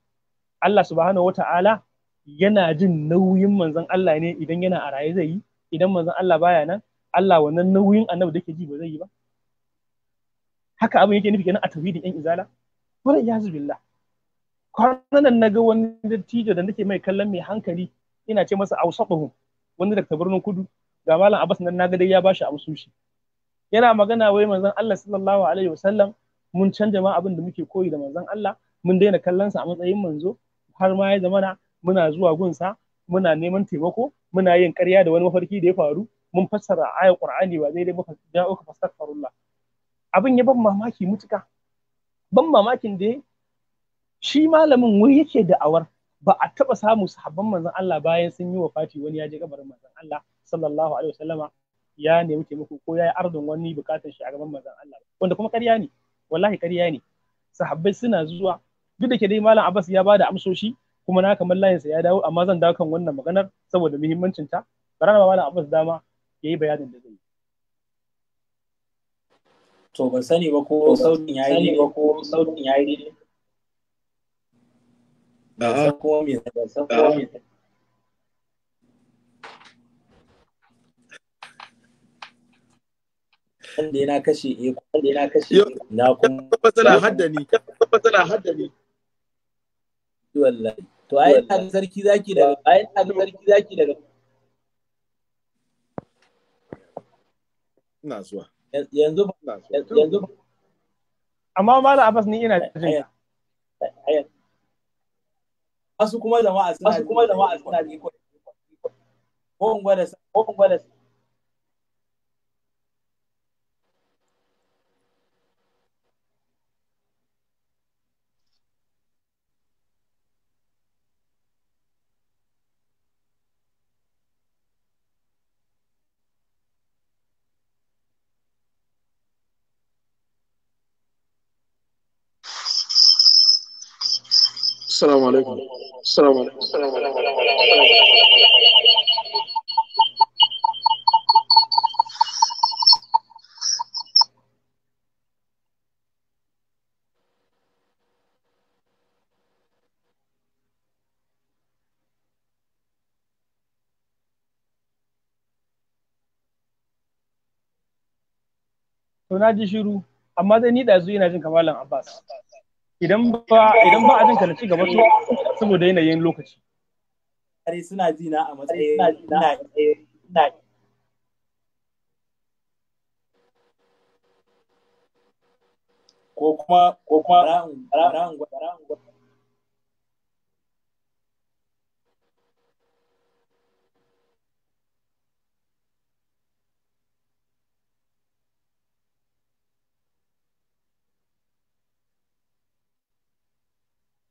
Allah subhanahu wata'ala yana jin nauyin manzon Allah ne idan yana a raye zai yi idan manzon Allah baya nan Allah wannan nauyin annabi da ke ji ba zai yi ba haka abin yake nufi kenan a tauhidin yan izala wala yazu billah kwanan nan ga wani dattijo da nake mai kallon mai hankali ina ce masa ausabuhum wani daga birnin kudu ga malam Abbas nan naga dai ya bashi amsoshi yana magana wai manzon Allah sallallahu alaihi wasallam mun canja ma abin da muke koyi da manzon Allah mun daina kallon sa a matsayin manzo har ma ya zamana muna zuwa gunsa muna neman taimako muna yin ƙarya da wani mafarki da ya faru mun fassara ayar Qur'ani ba daidai ba uku fastaghfirullah abin ya ban mamaki mutuka ban mamakin da shi malamin wuri yake da awar ba a taɓa samu sahabban manzon Allah bayan sun yi wa Fati wani ya je kabarin manzon Allah sallallahu alaihi wasallama ya nemi taimako ko ya yi ardun wani bukatar shi a gaban manzon Allah wanda kuma ƙarya ne wallahi ƙarya ne sahabbai suna zuwa duk da ke dai malam Abbas ya bada amsoshi kuma na kamar layinsa ya dawo amma zan dawo kan wannan maganar saboda muhimmancin ta bara na malam Abbas dama ya yi bayanin da zai to ban sani ba ko sautin yayi ne ba ko sautin yayi ne ba ko me ba wanda yana kashe eko wanda yana kashe na kuma matsala haddani matsala haddani wallahi to ai ina sarki zaki daga ai ina sarki zaki daga ina zuwa yanzu yanzu amma malam Abbas ni ina jin Wasu kuma jama'a suna kuma jama'a suna ko ko gwada ko gwada السلام عليكم السلام عليكم To na ji shiru, amma dai ni ɗazu yana jin kamalan Abbas. idan ba idan ba a jin na ci gaba to saboda yanayin lokaci are suna ji na a matsayin na na ko kuma ko kuma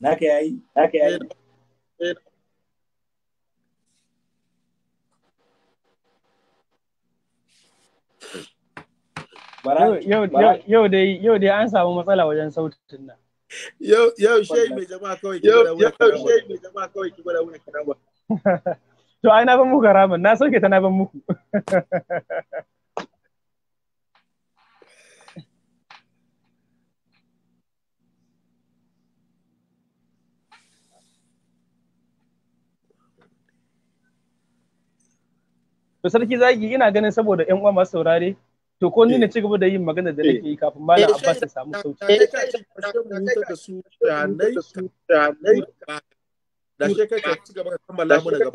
Naka yayi? Naka yayi? Yau dai yau dai an samu matsala wajen sautin nan. Yau yau shei mai jama'a kawai ki gwada bada wani Yau shei mai jama'a kawai ki bada wani karawa. To ai na ban muku karamin na sauke ta na ban muku. to sarki zagi ina ganin saboda yan uwa masu saurare to ko ni eh. na ci gaba da yin magana da nake yi kafin malam eh. Abbas ya samu sauki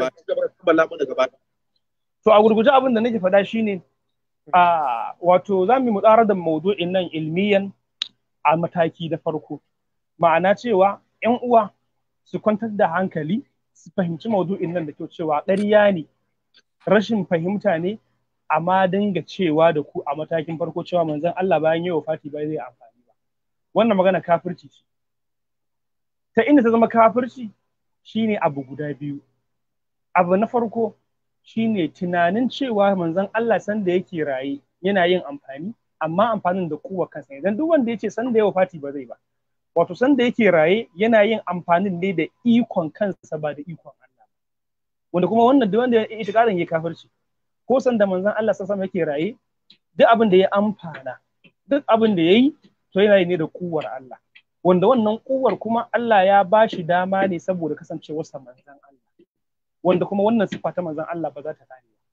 eh. to a gurguje abin da nake faɗa shine a wato za mu da maudu'in nan ilmiyan a mataki da farko ma'ana cewa yan uwa su kwantar da hankali su fahimci maudu'in nan da kyau cewa ƙarya ne rashin fahimta ne amma dinga cewa da ku a matakin farko cewa manzon Allah bayan yau Fati ba zai amfani ba wannan magana kafirci ce ta inda ta zama kafirci shine abu guda biyu abu na farko shine tunanin cewa manzon Allah sanda yake raye yana yin amfani amma amfanin da kuwa kansa idan duk wanda yace sanda yau Fati ba zai ba wato sanda yake raye yana yin amfanin ne da ikon kansa ba da ikon wanda kuma wannan duk wanda ya yi itikarin yayi kafirci ko san da manzon Allah sallallahu alaihi yake raye duk abin da ya amfana duk abin da yi to yana ne da kuwar Allah wanda wannan kuwar kuma Allah ya ba shi dama ne saboda sa manzon Allah wanda kuma wannan sifa ta manzon Allah ba za ta kare ba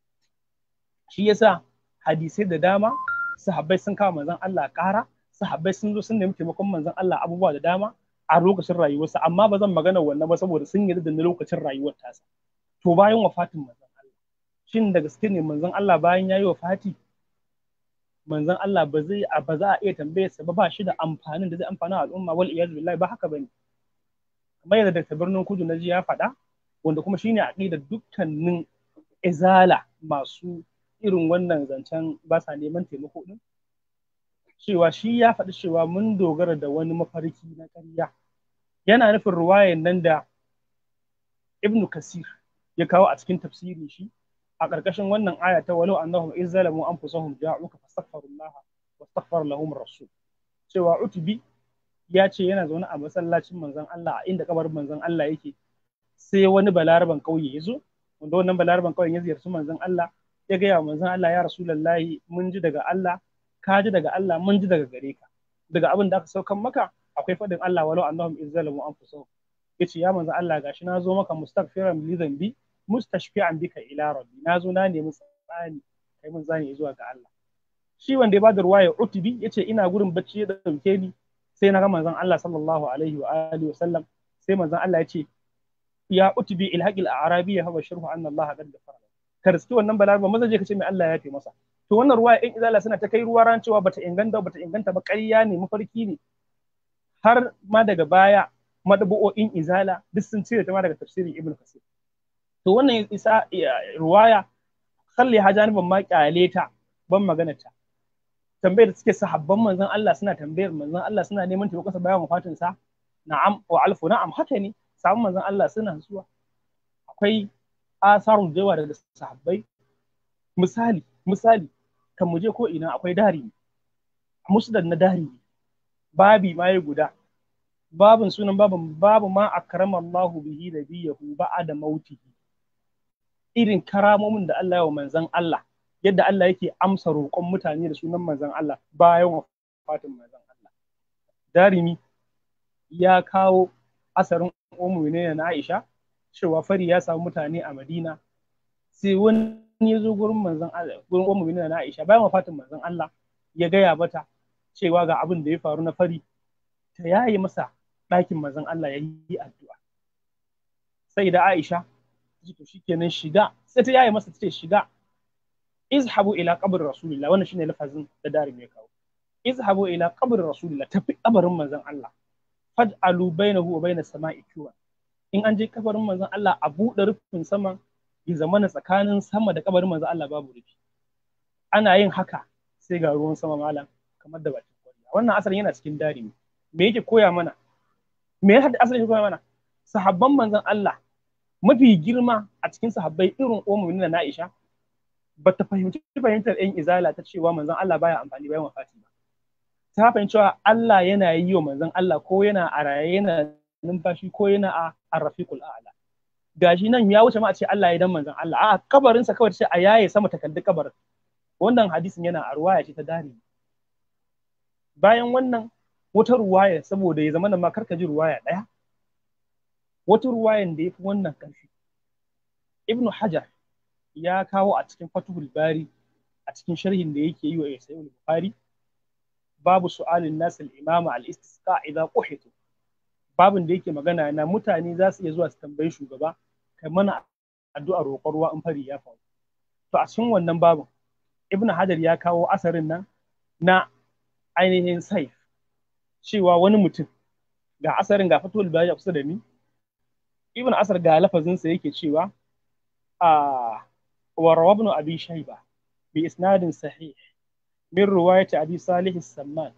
shi yasa hadisai da dama sahabbai sun kawo manzon Allah kara sahabbai sun zo sun nemi taimakon manzan Allah abubuwa da dama a lokacin rayuwarsa amma ba zan magana wannan ba saboda sun yarda da lokacin rayuwar tasa to bayan wafatin manzon Allah shin da gaske ne manzon Allah bayan yayi wafati manzon Allah ba zai ba za a iya tambaye sa ba ba shi da amfanin da zai amfana al'umma wal iyaz billahi ba haka bane kamar yadda Dr. Birnin Kudu na ji ya faɗa wanda kuma shine aqidar dukkanin izala masu irin wannan zancen ba sa neman taimako din cewa shi ya faɗi cewa mun dogara da wani mafarki na ƙarya yana nufin ruwayan nan da ibnu kasir ya kawo a cikin tafsirin shi a ƙarƙashin wannan aya ta walau annahum izzalamu anfusahum ja'uka fastaghfirullaha wastaghfar lahum rasul cewa utubi ya ce yana zaune a masallacin manzon Allah a inda kabarin manzon Allah yake sai wani balaraban kauye ya zo wanda wannan balaraban kauyen ya ziyarci manzon Allah ya gaya wa manzon Allah ya rasulullahi mun ji daga Allah ka ji daga Allah mun ji daga gare ka daga abin da aka saukan maka akwai faɗin Allah walau annahum izzalamu anfusahum yace ya manzo Allah gashi na zo maka mustaghfiran li dhanbi mustashfi'an bika ila rabbi na zo na nemi tsani kai mun zani zuwa ga Allah shi wanda ya bada ruwaya utubi yace ina gurin bacci ya dauke ni sai na ga manzon Allah sallallahu alaihi wa alihi wa sallam sai manzon Allah yace ya utubi ilhaqil arabi ya habashirhu anna Allah qad ghafara ka riski wannan balarabe maza je ka ce mai Allah ya fi masa to wannan ruwa in izala suna ta kai ruwa ran cewa bata inganta bata inganta ba ƙarya ne mafarki ne har ma daga baya madabu'o'in izala duk sun cire ta ma daga tafsirin ibnu kasir to wannan isa ruwaya khalli ha janiban ma kyale ta ban magana ta tambayar da suke sahabban manzon Allah suna tambayar manzon Allah suna neman taimakon sa bayan wafatin sa na'am wa alfu na'am haka ne samun manzon Allah suna zuwa akwai asarun da daga sahabbai misali misali kan mu ko ina akwai dari musnad na dari babi mai guda babin sunan babin babu ma akrama Allahu bihi da nabiyahu da mauti irin karamomin da Allah ya wa manzon Allah yadda Allah yake amsa roƙon mutane da sunan manzon Allah bayan wafatin manzon Allah darimi ya kawo asarin umu ne na Aisha cewa fari ya samu mutane a Madina sai wani ya zo gurin manzon Allah gurin umu ne na Aisha bayan wafatin manzan Allah ya gaya mata cewa ga abin da ya faru na fari ta yayi masa ɗakin mazan Allah ya yi addu'a sai da Aisha ji to shikenan shiga sai ta yaye masa ta ce shiga izhabu ila qabr rasulillah wannan shine lafazin da darin ya kawo izhabu ila qabr rasulillah tafi kabarin manzon Allah faj'alu bainahu wa bainas sama'i kiwa in an je kabarin manzon Allah a buɗe rufin sama ya zamana tsakanin sama da kabarin manzon Allah babu rufi ana yin haka sai ga ruwan sama malam kamar da bakin kwarya wannan asalin yana cikin darimi me yake koya mana me yasa asali shi mana sahabban manzon Allah mafi girma a cikin sahabbai irin bin Na'isha Aisha bata fahimci fahimtar yan izala ta cewa manzon Allah baya amfani bayan wafati ba ta fahimci cewa Allah yana yi wa manzon Allah ko yana a raye yana numfashi ko yana a arrafiqul a'la gashi nan ya wuce ma a ce Allah ya dan manzon Allah a kabarin sa kawai ce a yaye sama takalli kabarin wannan hadisin yana a ruwaya ce ta dari bayan wannan wata ruwaya saboda ya zama na ma karka ji ruwaya ɗaya wata ruwayan da ya fi wannan ƙarfi ibnu hajar ya kawo a cikin fatuhul bari a cikin sharhin da yake yi wa sahihul bukhari babu su'alin nasil imama al istisqa idza quhitu babin da yake magana na mutane za su iya zuwa su tambayi shugaba kai mana addu'a roƙon ruwa in fari ya faru to a cikin wannan babin ibnu hajar ya kawo asarin nan na ainihin saif cewa wani mutum ga asarin ga fatul bayan kusa da ni ibn asar ga lafazinsa yake cewa a warawa ibn abi shaiba bi isnadin sahih min riwayati abi salih samman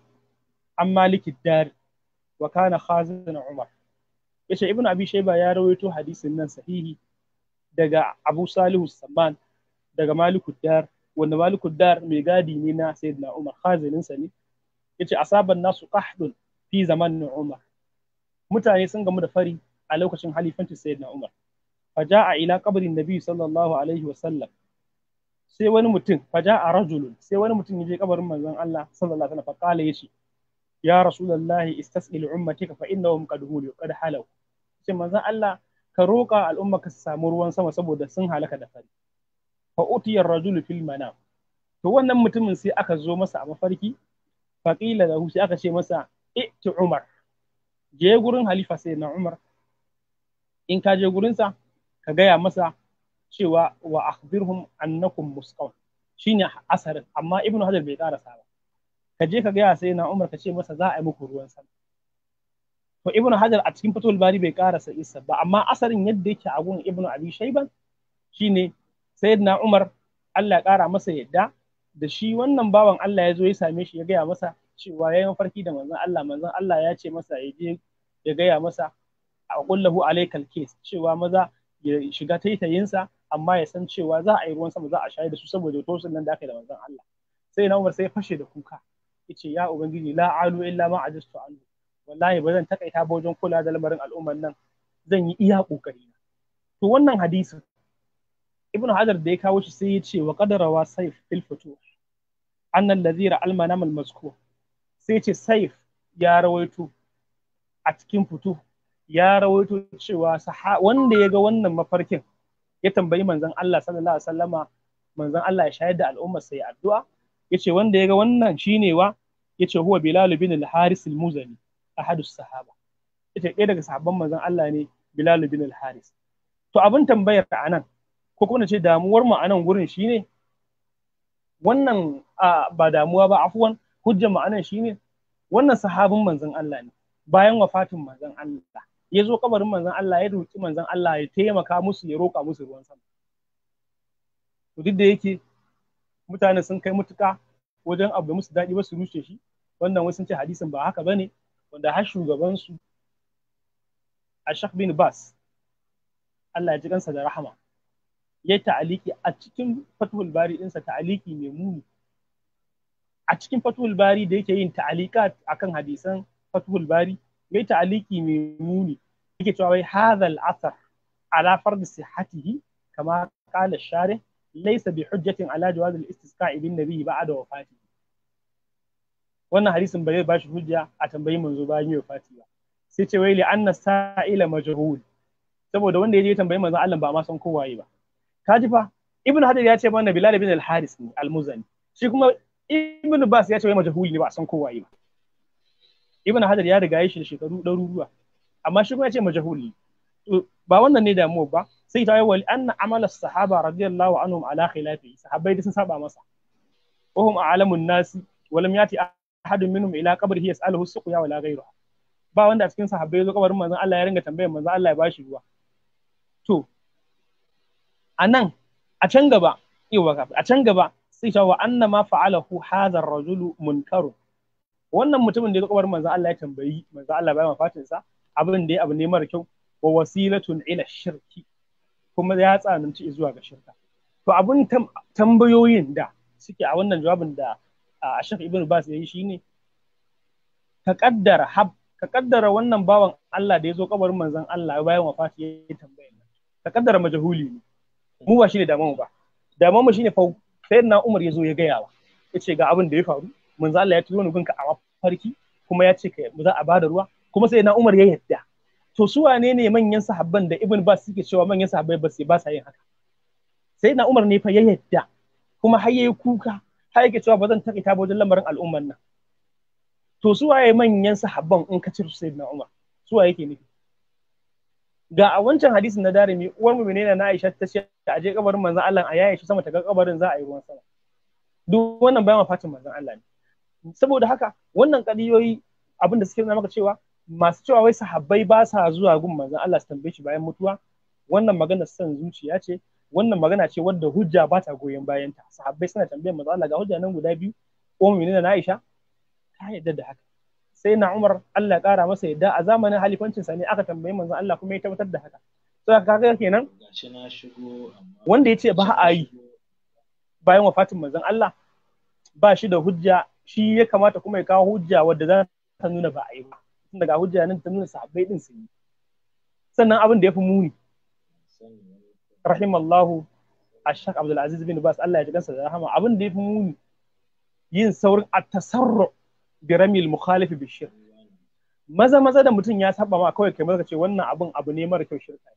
an malik dar wa kana khazin umar yace ibn abi shaiba ya rawaito hadisin nan sahihi daga abu salihu samman daga maliku dar wanda dar mai gadi ne na sayyidina umar khazininsa ne yace asaban nasu qahdun fi zamanin Umar mutane sun gamu da fari a lokacin halifancin sayyidina Umar faja'a ila qabrin nabi sallallahu alaihi wa sallam sai wani mutum faja'a rajulun sai wani mutum yaje kabarin manzon Allah sallallahu alaihi wa sallam fa yace ya rasulullahi istasqil ummatika fa innahum qad hulu qad halau sai manzon Allah ka roƙa al'umma ka samu ruwan sama saboda sun halaka da fari fa utiya rajulu fil manam to wannan mutumin sai aka zo masa a mafarki faƙila da sai aka ce masa Ita umar je gurin halifa sai na umar in ka je gurinsa ka gaya masa cewa wa akhbirhum annakum musqaw shine asarin amma ibnu hajar bai karasa ba ka je ka gaya sai na umar ka ce masa za a yi muku ruwan sama to ibnu hajar a cikin fatul bari bai sa isa ba amma asarin yadda yake a gun ibnu abi shayban shine sayyidina umar Allah ya kara masa yadda da shi wannan bawan Allah ya zo ya same shi ya gaya masa cewa ya yi mafarki da manzon Allah manzon Allah ya ce masa ya je ya gaya masa a kullahu alaikal kes cewa maza ya shiga taitayinsa amma ya san cewa za a yi ruwan sama za a shayar da su saboda tosin nan da aka yi da manzon Allah sai na Umar sai fashe da kuka yace ya ubangiji la alu illa ma ajistu anhu wallahi ba zan takaita ba wajen kula da lamarin al'ummar nan zan yi iya kokari na to wannan hadisin ibnu hajar da ya kawo shi sai ya ce wa qadarawa Sa'i fil futuh annan lazira almanam almasku sai ce saif ya rawaito a cikin fito ya rawaito cewa wanda ya ga wannan mafarkin ya tambayi manzon Allah sallallahu alaihi wasallama manzon Allah ya shayar da al'ummar sai addu'a yace wanda ya ga wannan shine wa yace huwa bilal bin al-haris al-muzani ahadus sahaba Yace ɗaya daga sahabban manzon Allah ne bilal bin al-haris to abin tambayar anan, nan ko kuma ce damuwar mu anan gurin shine wannan ba damuwa ba afuwan hujjar ma'anar shi ne wannan sahabin manzon Allah ne bayan wafatin manzon Allah ya zo kabarin manzon Allah ya roki manzon Allah ya taimaka musu ya roƙa musu ruwan sama to duk da yake mutane sun kai mutuka wajen abu da musu daɗi ba su rushe shi wannan wasu sun ce hadisin ba haka bane wanda har shugabansu a bin Bas Allah ya ji kansa da rahama ya ta'aliki a cikin fathul bari ɗinsa ta'aliki mai muni a cikin bari da yake yin ta'alika akan hadisan fathul bari ya ta'aliki mai muni yake cewa wai hadhal asar ala fard sihhatihi kama qala sharih laysa bi hujjatin ala jawaz al istisqa'i bin nabi ba'da wafati wannan hadisin bai ba shi hujja a tambayi manzo bayan ya wafati ba sai ce wai li anna sa'ila majhul saboda wanda ya je tambayi manzo Allah ba ma san kowaye ba kaji fa ibn hajar ya ce mana bilal ibn al-haris ne al-muzani shi kuma ibn bas ya ce wai majahuli ne ba san kowa ba ibn hajar ya riga shi da shekaru ɗaruruwa amma shi kuma ya ce majahuli ba wannan ne da ba sai ta yi wali anna amala sahaba radiyallahu anhum ala khilafi sahabbai da sun saba masa wahum a'lamun nasi walam yati ahadun minhum ila qabrihi yas'aluhu suqya wala ghayruha ba wanda a cikin sahabbai zo kabarin manzon Allah ya ringa tambayar manzon Allah ya bashi ruwa to a nan a can gaba yawa a can gaba sai cewa wa anna ma fa'alahu hadha ar-rajulu munkaru wannan mutumin da ya kabar manzo Allah ya tambayi manzo Allah bayan wafatin sa abin da ya abu ne mara kyau wa wasilatun ila shirki kuma ya tsananci zuwa ga shirka to abun tambayoyin da suke a wannan jawabin da a Sheikh Ibn Bas ya yi shine ka kaddara hab ka kaddara wannan bawan Allah da ya zo kabarin manzon Allah bayan wafati ya yi ka kaddara majahuli ne mu ba shine damuwa ba damu mu shine fa na Umar ya zo ya gaya wa yace ga abin da ya faru manzo Allah ya turo ni gunka a mafarki kuma ya ce ka za a bada ruwa kuma na Umar ya yadda to su wane ne manyan sahabban da Ibn Bas suke cewa manyan sahabbai ba su ba sa yin haka na Umar ne fa ya yadda kuma har yayi kuka har yake cewa ba zan takaita ba lamarin al'umman nan to su waye manyan sahabban in ka cire sayyidina Umar su waye yake nufi ga a wancan hadisin na darimi uwar mu menene na Aisha ta ce a je kabarin manzon Allah a yaye shi sama ta ga kabarin za a yi ruwan sama duk wannan bayan fatin manzon Allah ne saboda haka wannan kadiyoyi abin da suke nuna maka cewa masu cewa wai sahabbai ba sa zuwa gun manzon Allah su tambaye shi bayan mutuwa wannan magana san zuciya ce wannan magana ce wadda hujja ba ta goyon bayan ta sahabbai suna tambayar manzon Allah ga hujja nan guda biyu uwar mu menene na Aisha ta yadda da haka sai na Umar Allah kara masa yadda a zamanin halifancinsa ne aka tambayi manzon Allah kuma ya tabbatar da haka sai ka yake kenan wanda ya ce ba a yi bayan wafatin manzon Allah ba shi da hujja shi ya kamata kuma ya kawo hujja wadda za ta nuna ba a yi ba daga hujja nan ta nuna sahabbai din su yi sannan abin da ya fi muni rahimallahu ashaq bas Allah ya ji kansa da rahama abin da ya fi muni yin saurin a tasarru biramil mukhalifi bishir maza maza da mutum ya saba ma kawai kai maza ce wannan abun abu ne mara kyau shirka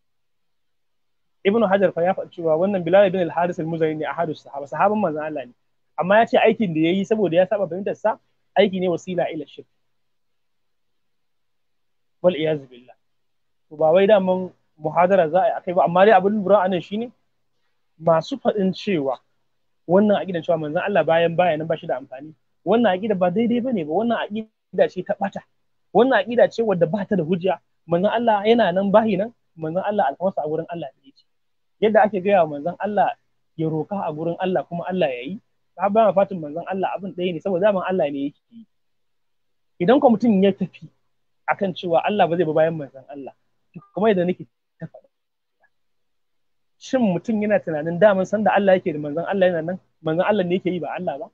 ibnu hajar fa ya faɗi cewa wannan bilal bin al-haris al-muzani ne ahadu sahaba sahaban manzon Allah ne amma ya ce aikin da ya yi saboda ya saba fahimtar sa aiki ne wasila ila shirk wal iyaz billah to ba wai da mun muhadara za a yi akai ba amma dai abin lura anan shine masu faɗin cewa wannan aqidan cewa manzon Allah bayan bayanan ba shi da amfani wannan aƙida ba daidai bane ba wannan aƙida ce ta ɓata. wannan aƙida ce wadda ba ta da hujja manzon Allah yana nan bahi nan manzon Allah alƙawarsa a gurin Allah ne ce yadda ake gaya wa manzon Allah ya roka a gurin Allah kuma Allah ya yi sahabban fatin manzon Allah abin ɗaya ne saboda zaman Allah ne yake yi idan ko mutum ya tafi akan cewa Allah ba zai ba bayan manzon Allah kuma yadda nake shin mutum yana tunanin daman sanda Allah yake da manzon Allah yana nan manzon Allah ne yake yi ba Allah ba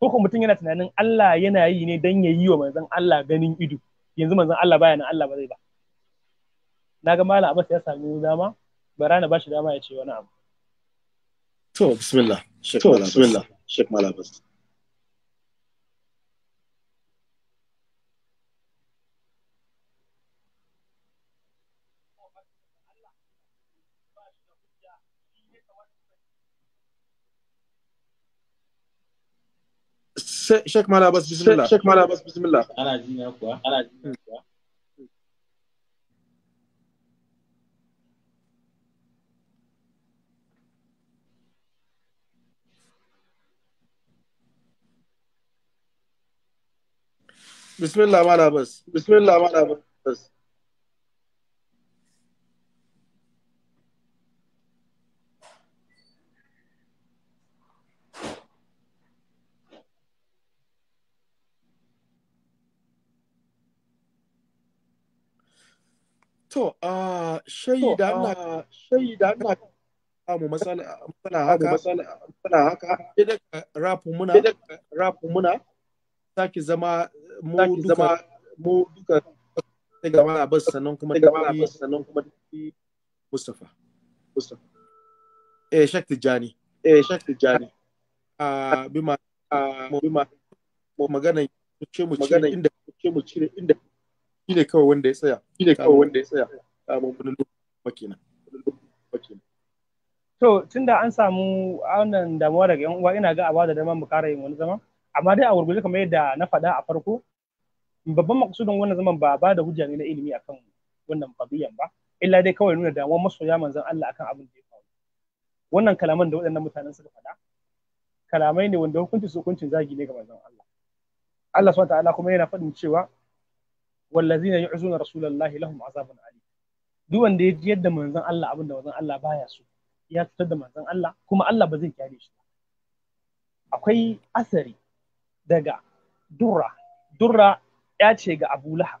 ko kuma mutum yana tunanin Allah yana yi ne don ya yi wa manzon Allah ganin ido yanzu manzon Allah baya nan Allah ba zai ba na ga malam Abbas ya sami dama bara na bashi dama ya ce wani abu to bismillah to bismillah Sheikh Malam Sheikh Malabas bismillah. Sheikh Malabas bismillah. Ana ji na kuwa. Ana ji na kuwa. Bismillah Malabas. Bismillah Malabas. To, a shaida na shaida na mu matsala haka matsala haka idan rafu muna idan rafu muna saki zama mu duka mu duka daga wani abin sannan kuma daga wani abin sannan kuma Mustafa Mustafa eh Shak Tijani eh Shak Tijani a ah, bima a ah, bima mu magana ce mu ce inda ce mu ce inda shi ne kawai wanda ya tsaya shi ne kawai wanda ya tsaya kamun wani lokacin kenan to tunda an samu wannan damuwa daga yan uwa ina ga a bada dama mu kara yin wani zama amma dai a gurguje kamar yadda na faɗa a farko babban maksudin wannan zaman ba ba da hujja ne na ilimi akan wannan fadiyan ba illa dai kawai nuna damuwa masoya manzon Allah akan abin da ya faru wannan kalaman da waɗannan mutanen suka faɗa kalamai ne wanda hukunci su hukuncin zagi ne ga manzon Allah Allah subhanahu wa ta'ala kuma yana faɗin cewa wallazina yu'zuna rasulullahi lahum azabun alim duk wanda ya ji yadda manzon Allah abin da manzon Allah baya so ya cutar da manzon Allah kuma Allah ba zai kyale shi akwai asari daga durra durra ya ce ga Abu Lahab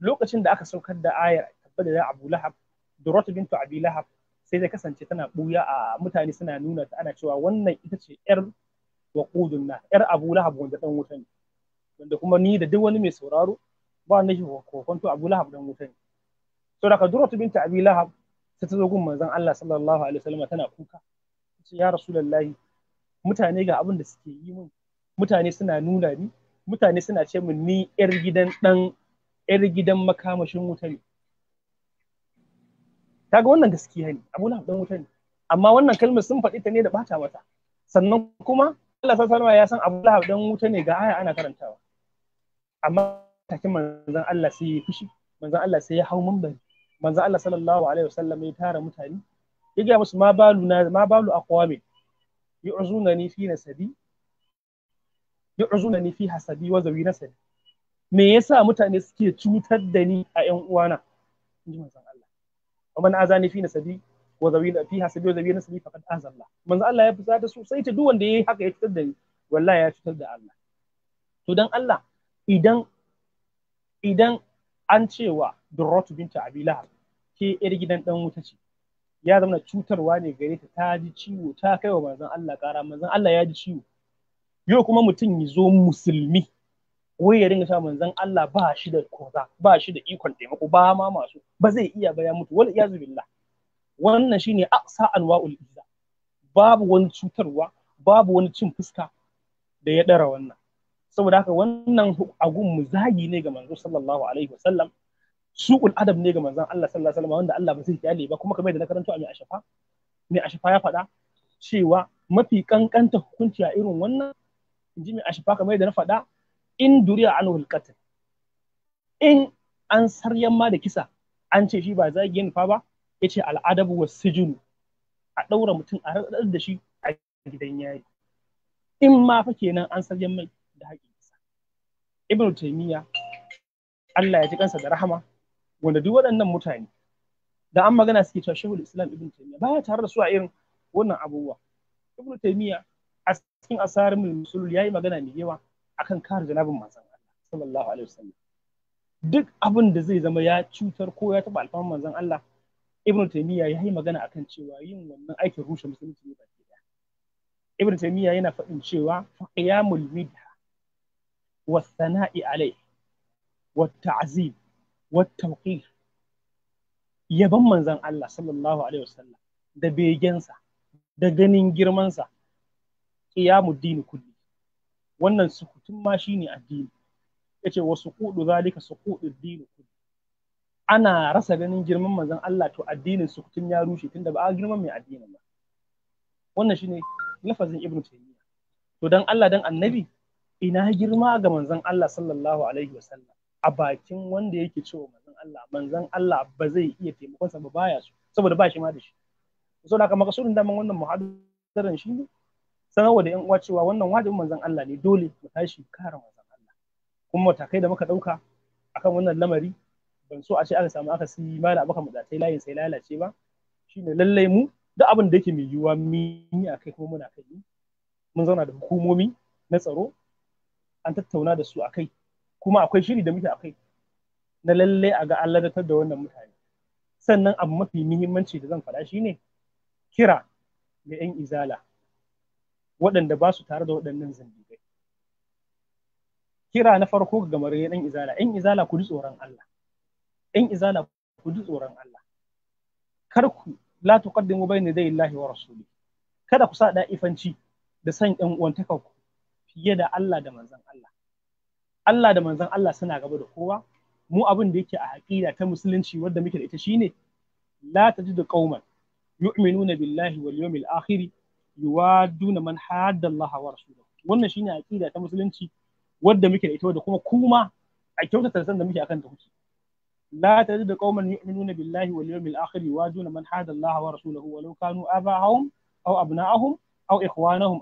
lokacin da aka saukar da ayar tabbata da Abu Lahab Durrat bintu Abi Lahab sai ta kasance tana buya a mutane suna nuna ta ana cewa wannan ita ce yar waqudun na yar Abu Lahab wanda dan wuta ne wanda kuma ni da duk wani mai sauraro ba wanda shi kokonto Abu Lahab dan wuta ne to daga Durratu binta Abi Lahab ta zo gun manzon Allah sallallahu alaihi wasallam tana kuka ce ya Rasulullahi mutane ga abin da suke yi min mutane suna nuna ni mutane suna ce min ni yar gidan dan yar gidan makamashin wuta ne kaga wannan gaskiya ne Abu Lahab dan wuta ne amma wannan kalmar sun faɗi ta ne da bata mata sannan kuma Allah sallallahu alaihi wasallam ya san Abu Lahab dan wuta ne ga aya ana karantawa amma takin manzon Allah sai ya fushi manzon Allah sai ya hau mambari manzon Allah sallallahu alaihi wasallam ya tara mutane ya ga musu ma balu na ma balu aqwami yu'zunani fi nasabi yu'zunani fi hasabi wa zawi nasabi me yasa mutane suke cutar da ni a ƴan uwana inji manzon Allah wa man azani fi nasabi wa zawi fi hasabi wa zawi nasabi faqad azalla manzon Allah ya fusata sosai ta duk wanda yayi haka ya cutar da ni wallahi ya cutar da Allah to dan Allah idan idan an cewa Durratu binta Abi Lahab ke yar gidan dan wuta ce ya zama cutarwa ne gare ta ta ji ciwo ta kai wa manzon Allah kara manzon Allah ya ji ciwo yau kuma mutum ya zo musulmi wai ya ringa sa manzon Allah ba shi da koza ba shi da ikon taimako ba ma masu ba zai iya ba ya mutu wal iyazu billah wannan shine aqsa anwa'ul iza babu wani cutarwa babu wani cin fuska da ya ɗara wannan saboda haka wannan agun muzagi ne ga manzo sallallahu alaihi wasallam su'ul adab ne ga manzon Allah sallallahu alaihi wasallam wanda Allah ba zai kyale ba kuma kamar da na karanto a mai ashafa mai ashafa ya faɗa cewa mafi kankanta hukunci a irin wannan inji mai ashafa kamar da na faɗa in duriya anhu alqatl in an saryan ma da kisa an ce shi ba zagi fa ba yace al'adabu was sijunu a daura mutum a radar da shi a gidan yayi in ma fa kenan an saryan mai da haƙƙinsa ibn taymiya Allah ya ji kansa da rahama wanda duk waɗannan mutane da an magana suke cewa shehul islam ibn taymiya baya tare da su a irin wannan abubuwa ibn taymiya a cikin asarin musul yayi magana mai yawa akan kare janabin manzon Allah sallallahu alaihi wasallam duk abin da zai zama ya cutar ko ya taɓa alfahman manzon Allah ibn taymiya ya yi magana akan cewa yin wannan aikin rushe musulunci ne ke daya ibn taymiya yana faɗin cewa qiyamul midha والثناء عليه والتعزيم والتوقير yabon manzon Allah sallallahu alaihi wasallam da begensa da ganin girmansa qiyamu dini kulli wannan sukutun ma shi shine addini yace wa suqudu zalika suqudu dini kulli ana rasa ganin girman manzon Allah to addinin sukutun ya rushe tunda ba a girman mai addinin ba wannan shi shine lafazin ibnu taymiya to dan Allah dan annabi ina girma ga manzon Allah sallallahu alaihi wasallam a bakin wanda yake cewa manzon Allah manzon Allah ba zai iya taimakonsa ba baya su saboda ba shi ma da shi so da makasudin kasurin daman wannan muhadaran shi ne sanarwa da yan uwa cewa wannan wajibin manzon Allah ne dole mu tashi kare manzon Allah kuma matakai da muka dauka akan wannan lamari ban so a ce aka samu aka si mala abaka mu layin sai lalace ba shine lallai mu duk abin da yake mai yiwuwa mu yi akai kuma muna kai mun zauna da hukumomi na tsaro an tattauna da su a kai. kuma akwai shiri da muke kai. na lalle a ga an ladatar da wannan mutane sannan abu mafi muhimmanci da zan faɗa shine kira da 'yan izala waɗanda ba su tare da waɗannan zindigai kira na farko ga gamar 'yan izala 'yan izala ku ji tsoron Allah 'yan izala ku ji tsoron Allah kar ku la tuqaddimu bayna dai Allah wa rasuli kada ku sa da'ifanci da san 'yan uwantakanku fiye da Allah da manzon Allah Allah da manzon Allah suna gaba da kowa mu abin da yake a aqida ta musulunci wadda muke da ita shine la tajidu qauman yu'minuna billahi wal yawmil akhir yuwaduna man hadda Allah wa rasulahu wannan shine aqida ta musulunci wadda muke da ita wadda kuma kuma a kyautata san da muke akan ta kuke la tajidu qauman yu'minuna billahi wal yawmil akhir yuwaduna man hadda Allah wa rasulahu walau kanu aba'ahum aw abna'ahum aw ikhwanahum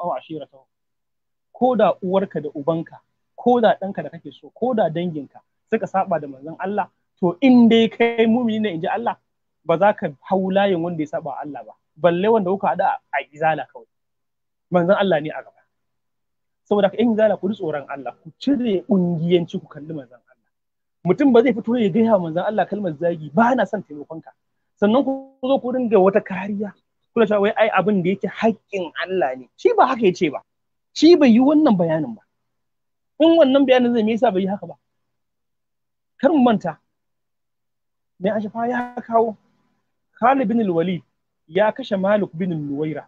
ko da uwarka da ubanka ko da ɗanka da kake so ko da danginka suka saba da manzon Allah to in dai kai mumini ne in ji Allah ba za ka hau layin wanda ya saba Allah ba balle wanda kuka hada a izala kawai manzon Allah ne a gaba saboda in izala ku tsoron Allah ku cire kungiyanci ku kalli manzon Allah mutum ba zai fito ya gaya manzon Allah kalmar zagi ba na son taimakon ka sannan ku zo ku dinga wata kariya kula cewa wai ai abin da yake haƙƙin Allah ne shi ba haka yace ba shi bai yi wannan bayanin ba in wannan bayanin zai me yasa bai yi haka ba kar mu manta mai ashafa ya kawo Khalid bin Wali ya kashe Malik bin Nuwaira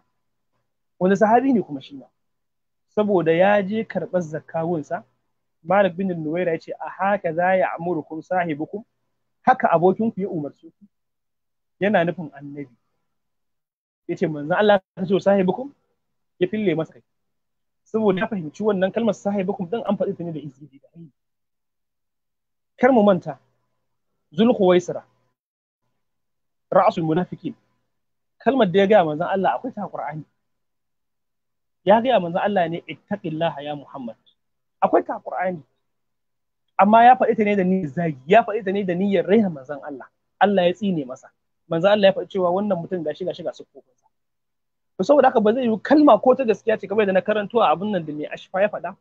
wanda sahabi ne kuma shi ma saboda ya je karɓar zakawunsa Malik bin Nuwaira ya ce a haka za ya amurukum sahibukum haka abokinku ya umarce ku yana nufin annabi ya ce manzan Allah ta ce sahibukum ya fille masa kai saboda ya fahimci wannan kalmar sahibukum din an faɗi ta ne da izini da aibi kar mu manta zulhuwaisira ra'asul munafiqin kalmar da ya gaya manzon Allah akwai ta Qur'ani ya gaya manzon Allah ne ittaqillaha ya Muhammad akwai ta Qur'ani amma ya faɗi ta ne da niyyar zagi ya faɗi ta ne da niyyar raiha manzon Allah Allah ya tsine masa manzon Allah ya faɗi cewa wannan mutum gashi gashi ga sukofinsa to saboda haka ba zai yi kalma ko ta gaskiya ce kamar da na karanto a abin nan da mai ashfa ya faɗa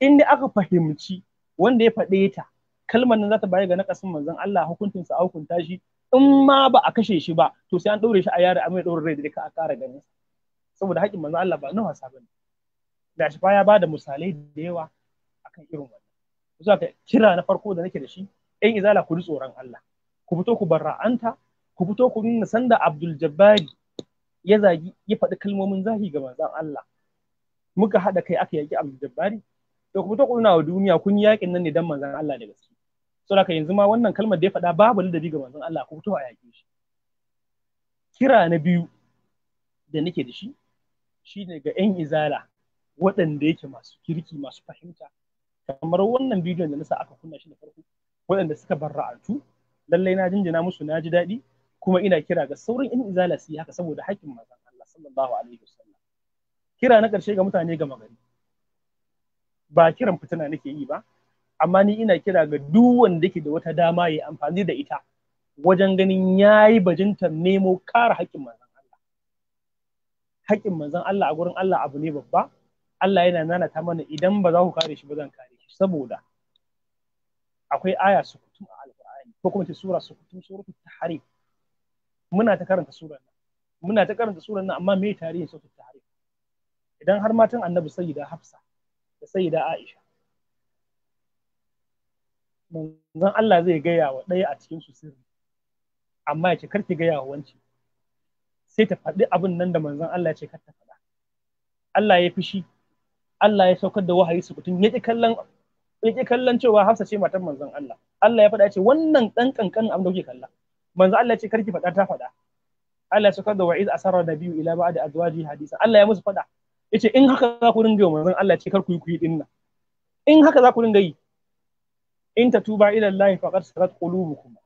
in dai aka fahimci wanda ya faɗe ta kalmar nan za ta baya ga nakasin manzon Allah hukuncin sa hukunta shi in ma ba a kashe shi ba to sai an ɗaure shi a yare a mai ɗaure rai da ka a ƙara ganin saboda haƙƙin manzon Allah ba na wasa bane da ashifa ya bada misalai da yawa akan irin wannan zuwa ka kira na farko da nake da shi ɗan izala ku ji tsoron Allah ku fito ku barra'anta ku fito ku nuna sanda Abdul Jabbari ya zagi ya faɗi kalmomin zahi ga manzon Allah muka haɗa kai aka yaƙi Abdul Jabbari to kuma ta kuna wa duniya kun yi yaƙin nan ne dan manzon Allah da gaske saboda yanzu ma wannan kalmar da ya faɗa babu ladabi ga manzon Allah ku fito a yaƙi shi kira na biyu da nake da shi shine ga 'yan izala waɗanda yake masu kirki masu fahimta kamar wannan bidiyon da na sa aka kunna shi da farko waɗanda suka ra'atu lallai na jinjina musu na ji daɗi kuma ina kira ga saurin in izala su yi haka saboda haƙƙin mazan Allah sallallahu alaihi wasallam kira na ƙarshe ga mutane ga magari ba kiran fitina nake yi ba amma ni ina kira ga duk wanda yake da wata dama ya amfani da ita wajen ganin yayi bajintar nemo kare haƙƙin mazan Allah haƙƙin mazan Allah a gurin Allah abu ne babba Allah yana nanata mana idan ba za ku kare shi ba zan kare shi saboda akwai aya sukutu a alqur'ani ko kuma ce sura sukutu suratul tahrim muna ta karanta surar nan muna ta karanta surar nan amma me tarihin sautin tahrim idan har matan annabi sayyida hafsa da sayyida aisha manzon Allah zai gaya wa ɗaya a cikin su sirri amma ya ce karki gaya wa wanci sai ta faɗi abin nan da manzon Allah ya ce kar ta faɗa Allah ya fishi Allah ya saukar da wahayi su kutun ya kallon ya kallon cewa Hafsa ce matan manzon Allah Allah ya faɗa ya ce wannan ɗan kankan abin da kuke kalla manzo Allah ce karki faɗa ta faɗa Allah ya da wa'iz asarra nabiyyu ila ba'da azwaji hadisa Allah ya musu faɗa yace in haka za ku ringa manzo Allah ce kar ku yi dinna in haka za ku dinga yi in ta tuba ila Allah faqad sarat qulubukum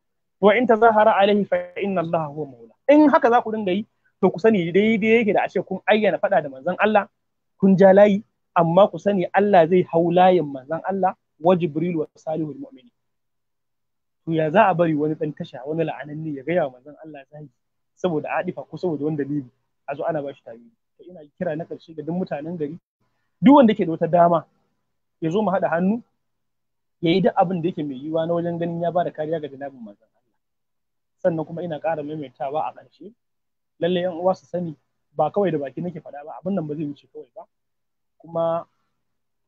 wa in tazahara alayhi fa inna Allah huwa mawla in haka za ku dinga yi to ku sani daidai yake da ashe kun ayyana faɗa da manzon Allah kun ja layi amma ku sani Allah zai hau layin manzon Allah wa Jibril wa salihul mu'minin to ya za a bari wani dan tasha wani la'ananne ya gaya wa manzon Allah yi saboda adifa ko saboda wani dalili a zo ana bashi tabi to ina kira na karshe ga duk mutanen gari duk wanda ke da wata dama ya zo mu hada hannu ya yi duk abin da yake mai yiwuwa na wajen ganin ya ba da kariya ga janabin manzon Allah sannan kuma ina ƙara maimaitawa a ƙarshe lallai yan uwa su sani ba kawai da baki nake faɗa ba abin nan ba zai wuce kawai ba kuma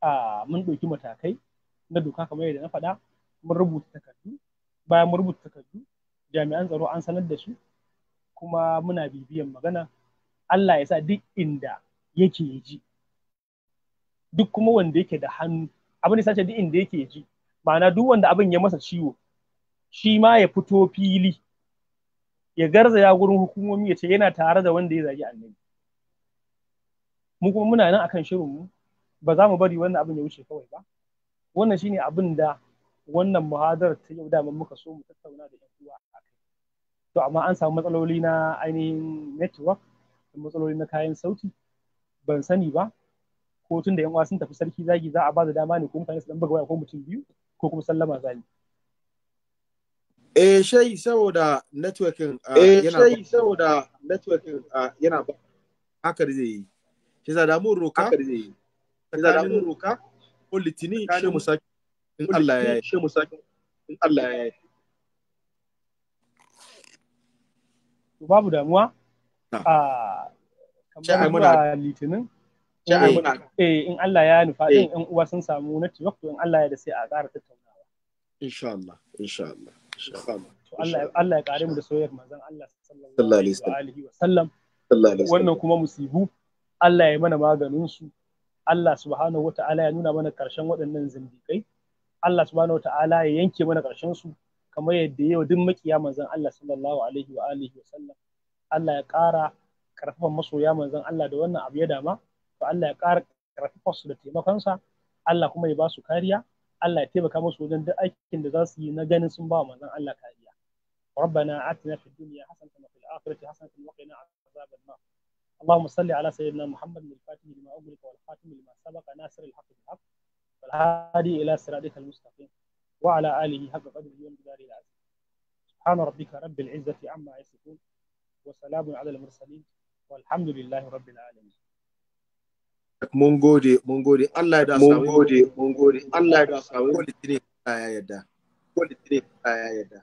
ah, mun ɗauki matakai na doka kamar yadda na faɗa mun rubuta takardu bayan mu rubuta takardu jami'an tsaro an sanar da su kuma muna bibiyan magana Allah ya sa duk inda yake ji duk kuma wanda yake da hannu abin da sace duk inda yake ji ma'ana duk wanda abin ya masa ciwo shi ma ya fito fili ya garza garzaya gurin hukumomi ya ce yana tare da wanda ya zagi annabi mu kuma muna nan akan shirin mu. ba za mu bari wannan abin ya wuce kawai ba wannan shine abin da wannan muhadarar ta yau dama muka so mu tattauna da yan uwa a kai to amma an samu matsaloli na ainihin network da matsaloli na kayan sauti ban sani ba ko tun da yan uwa sun tafi sarki zagi za a ba da dama ne ko mutane su dan buga waya ko mutum biyu ko kuma sallama zani eh shai saboda networking ah, eh shai saboda networking ah, yana ba haka zai yi shi za da mun roka haka zai yi za da mun roka ko litini shi musaki in Allah ya yi sake in Allah ya yi babu damuwa a ah, kamar muna litinin eh, eh in Allah ya nufa din eh. in uwa sun samu na tiwak to in Allah ya da sai a ƙara tattaunawa insha Allah insha Allah insha Allah Allah ya kare mu da soyayyar manzon Allah sallallahu alaihi wa sallam wannan kuma musibu Allah ya mana maganin su Allah subhanahu wa ta'ala ya nuna mana karshen waɗannan zindikai Allah subhanahu ta'ala ya yanke mana ƙarshen su kamar yadda yau duk makiya manzon Allah sallallahu alaihi wa alihi wa sallam Allah ya ƙara karfafa masoya manzon Allah da wannan abu ya dama to Allah ya ƙara karfafa su da taimakon sa, Allah kuma ya ba su kariya Allah ya taimaka musu wajen duk aikin da za su yi na ganin sun ba manzon Allah kariya ربنا آتنا في الدنيا حسنة وفي الآخرة حسنة وقنا عذاب النار اللهم صل على سيدنا محمد الفاتح لما أغلق والخاتم لما سبق ناصر الحق بالحق والهادي إلى صراطك المستقيم وعلى آله حق قدره ومقداره العظيم سبحان ربك رب العزة عما يصفون وسلام على المرسلين والحمد لله رب العالمين mun gode mun gode Allah ya da mun gode mun gode Allah ya da samu gode tire ya yadda gode tire ya yadda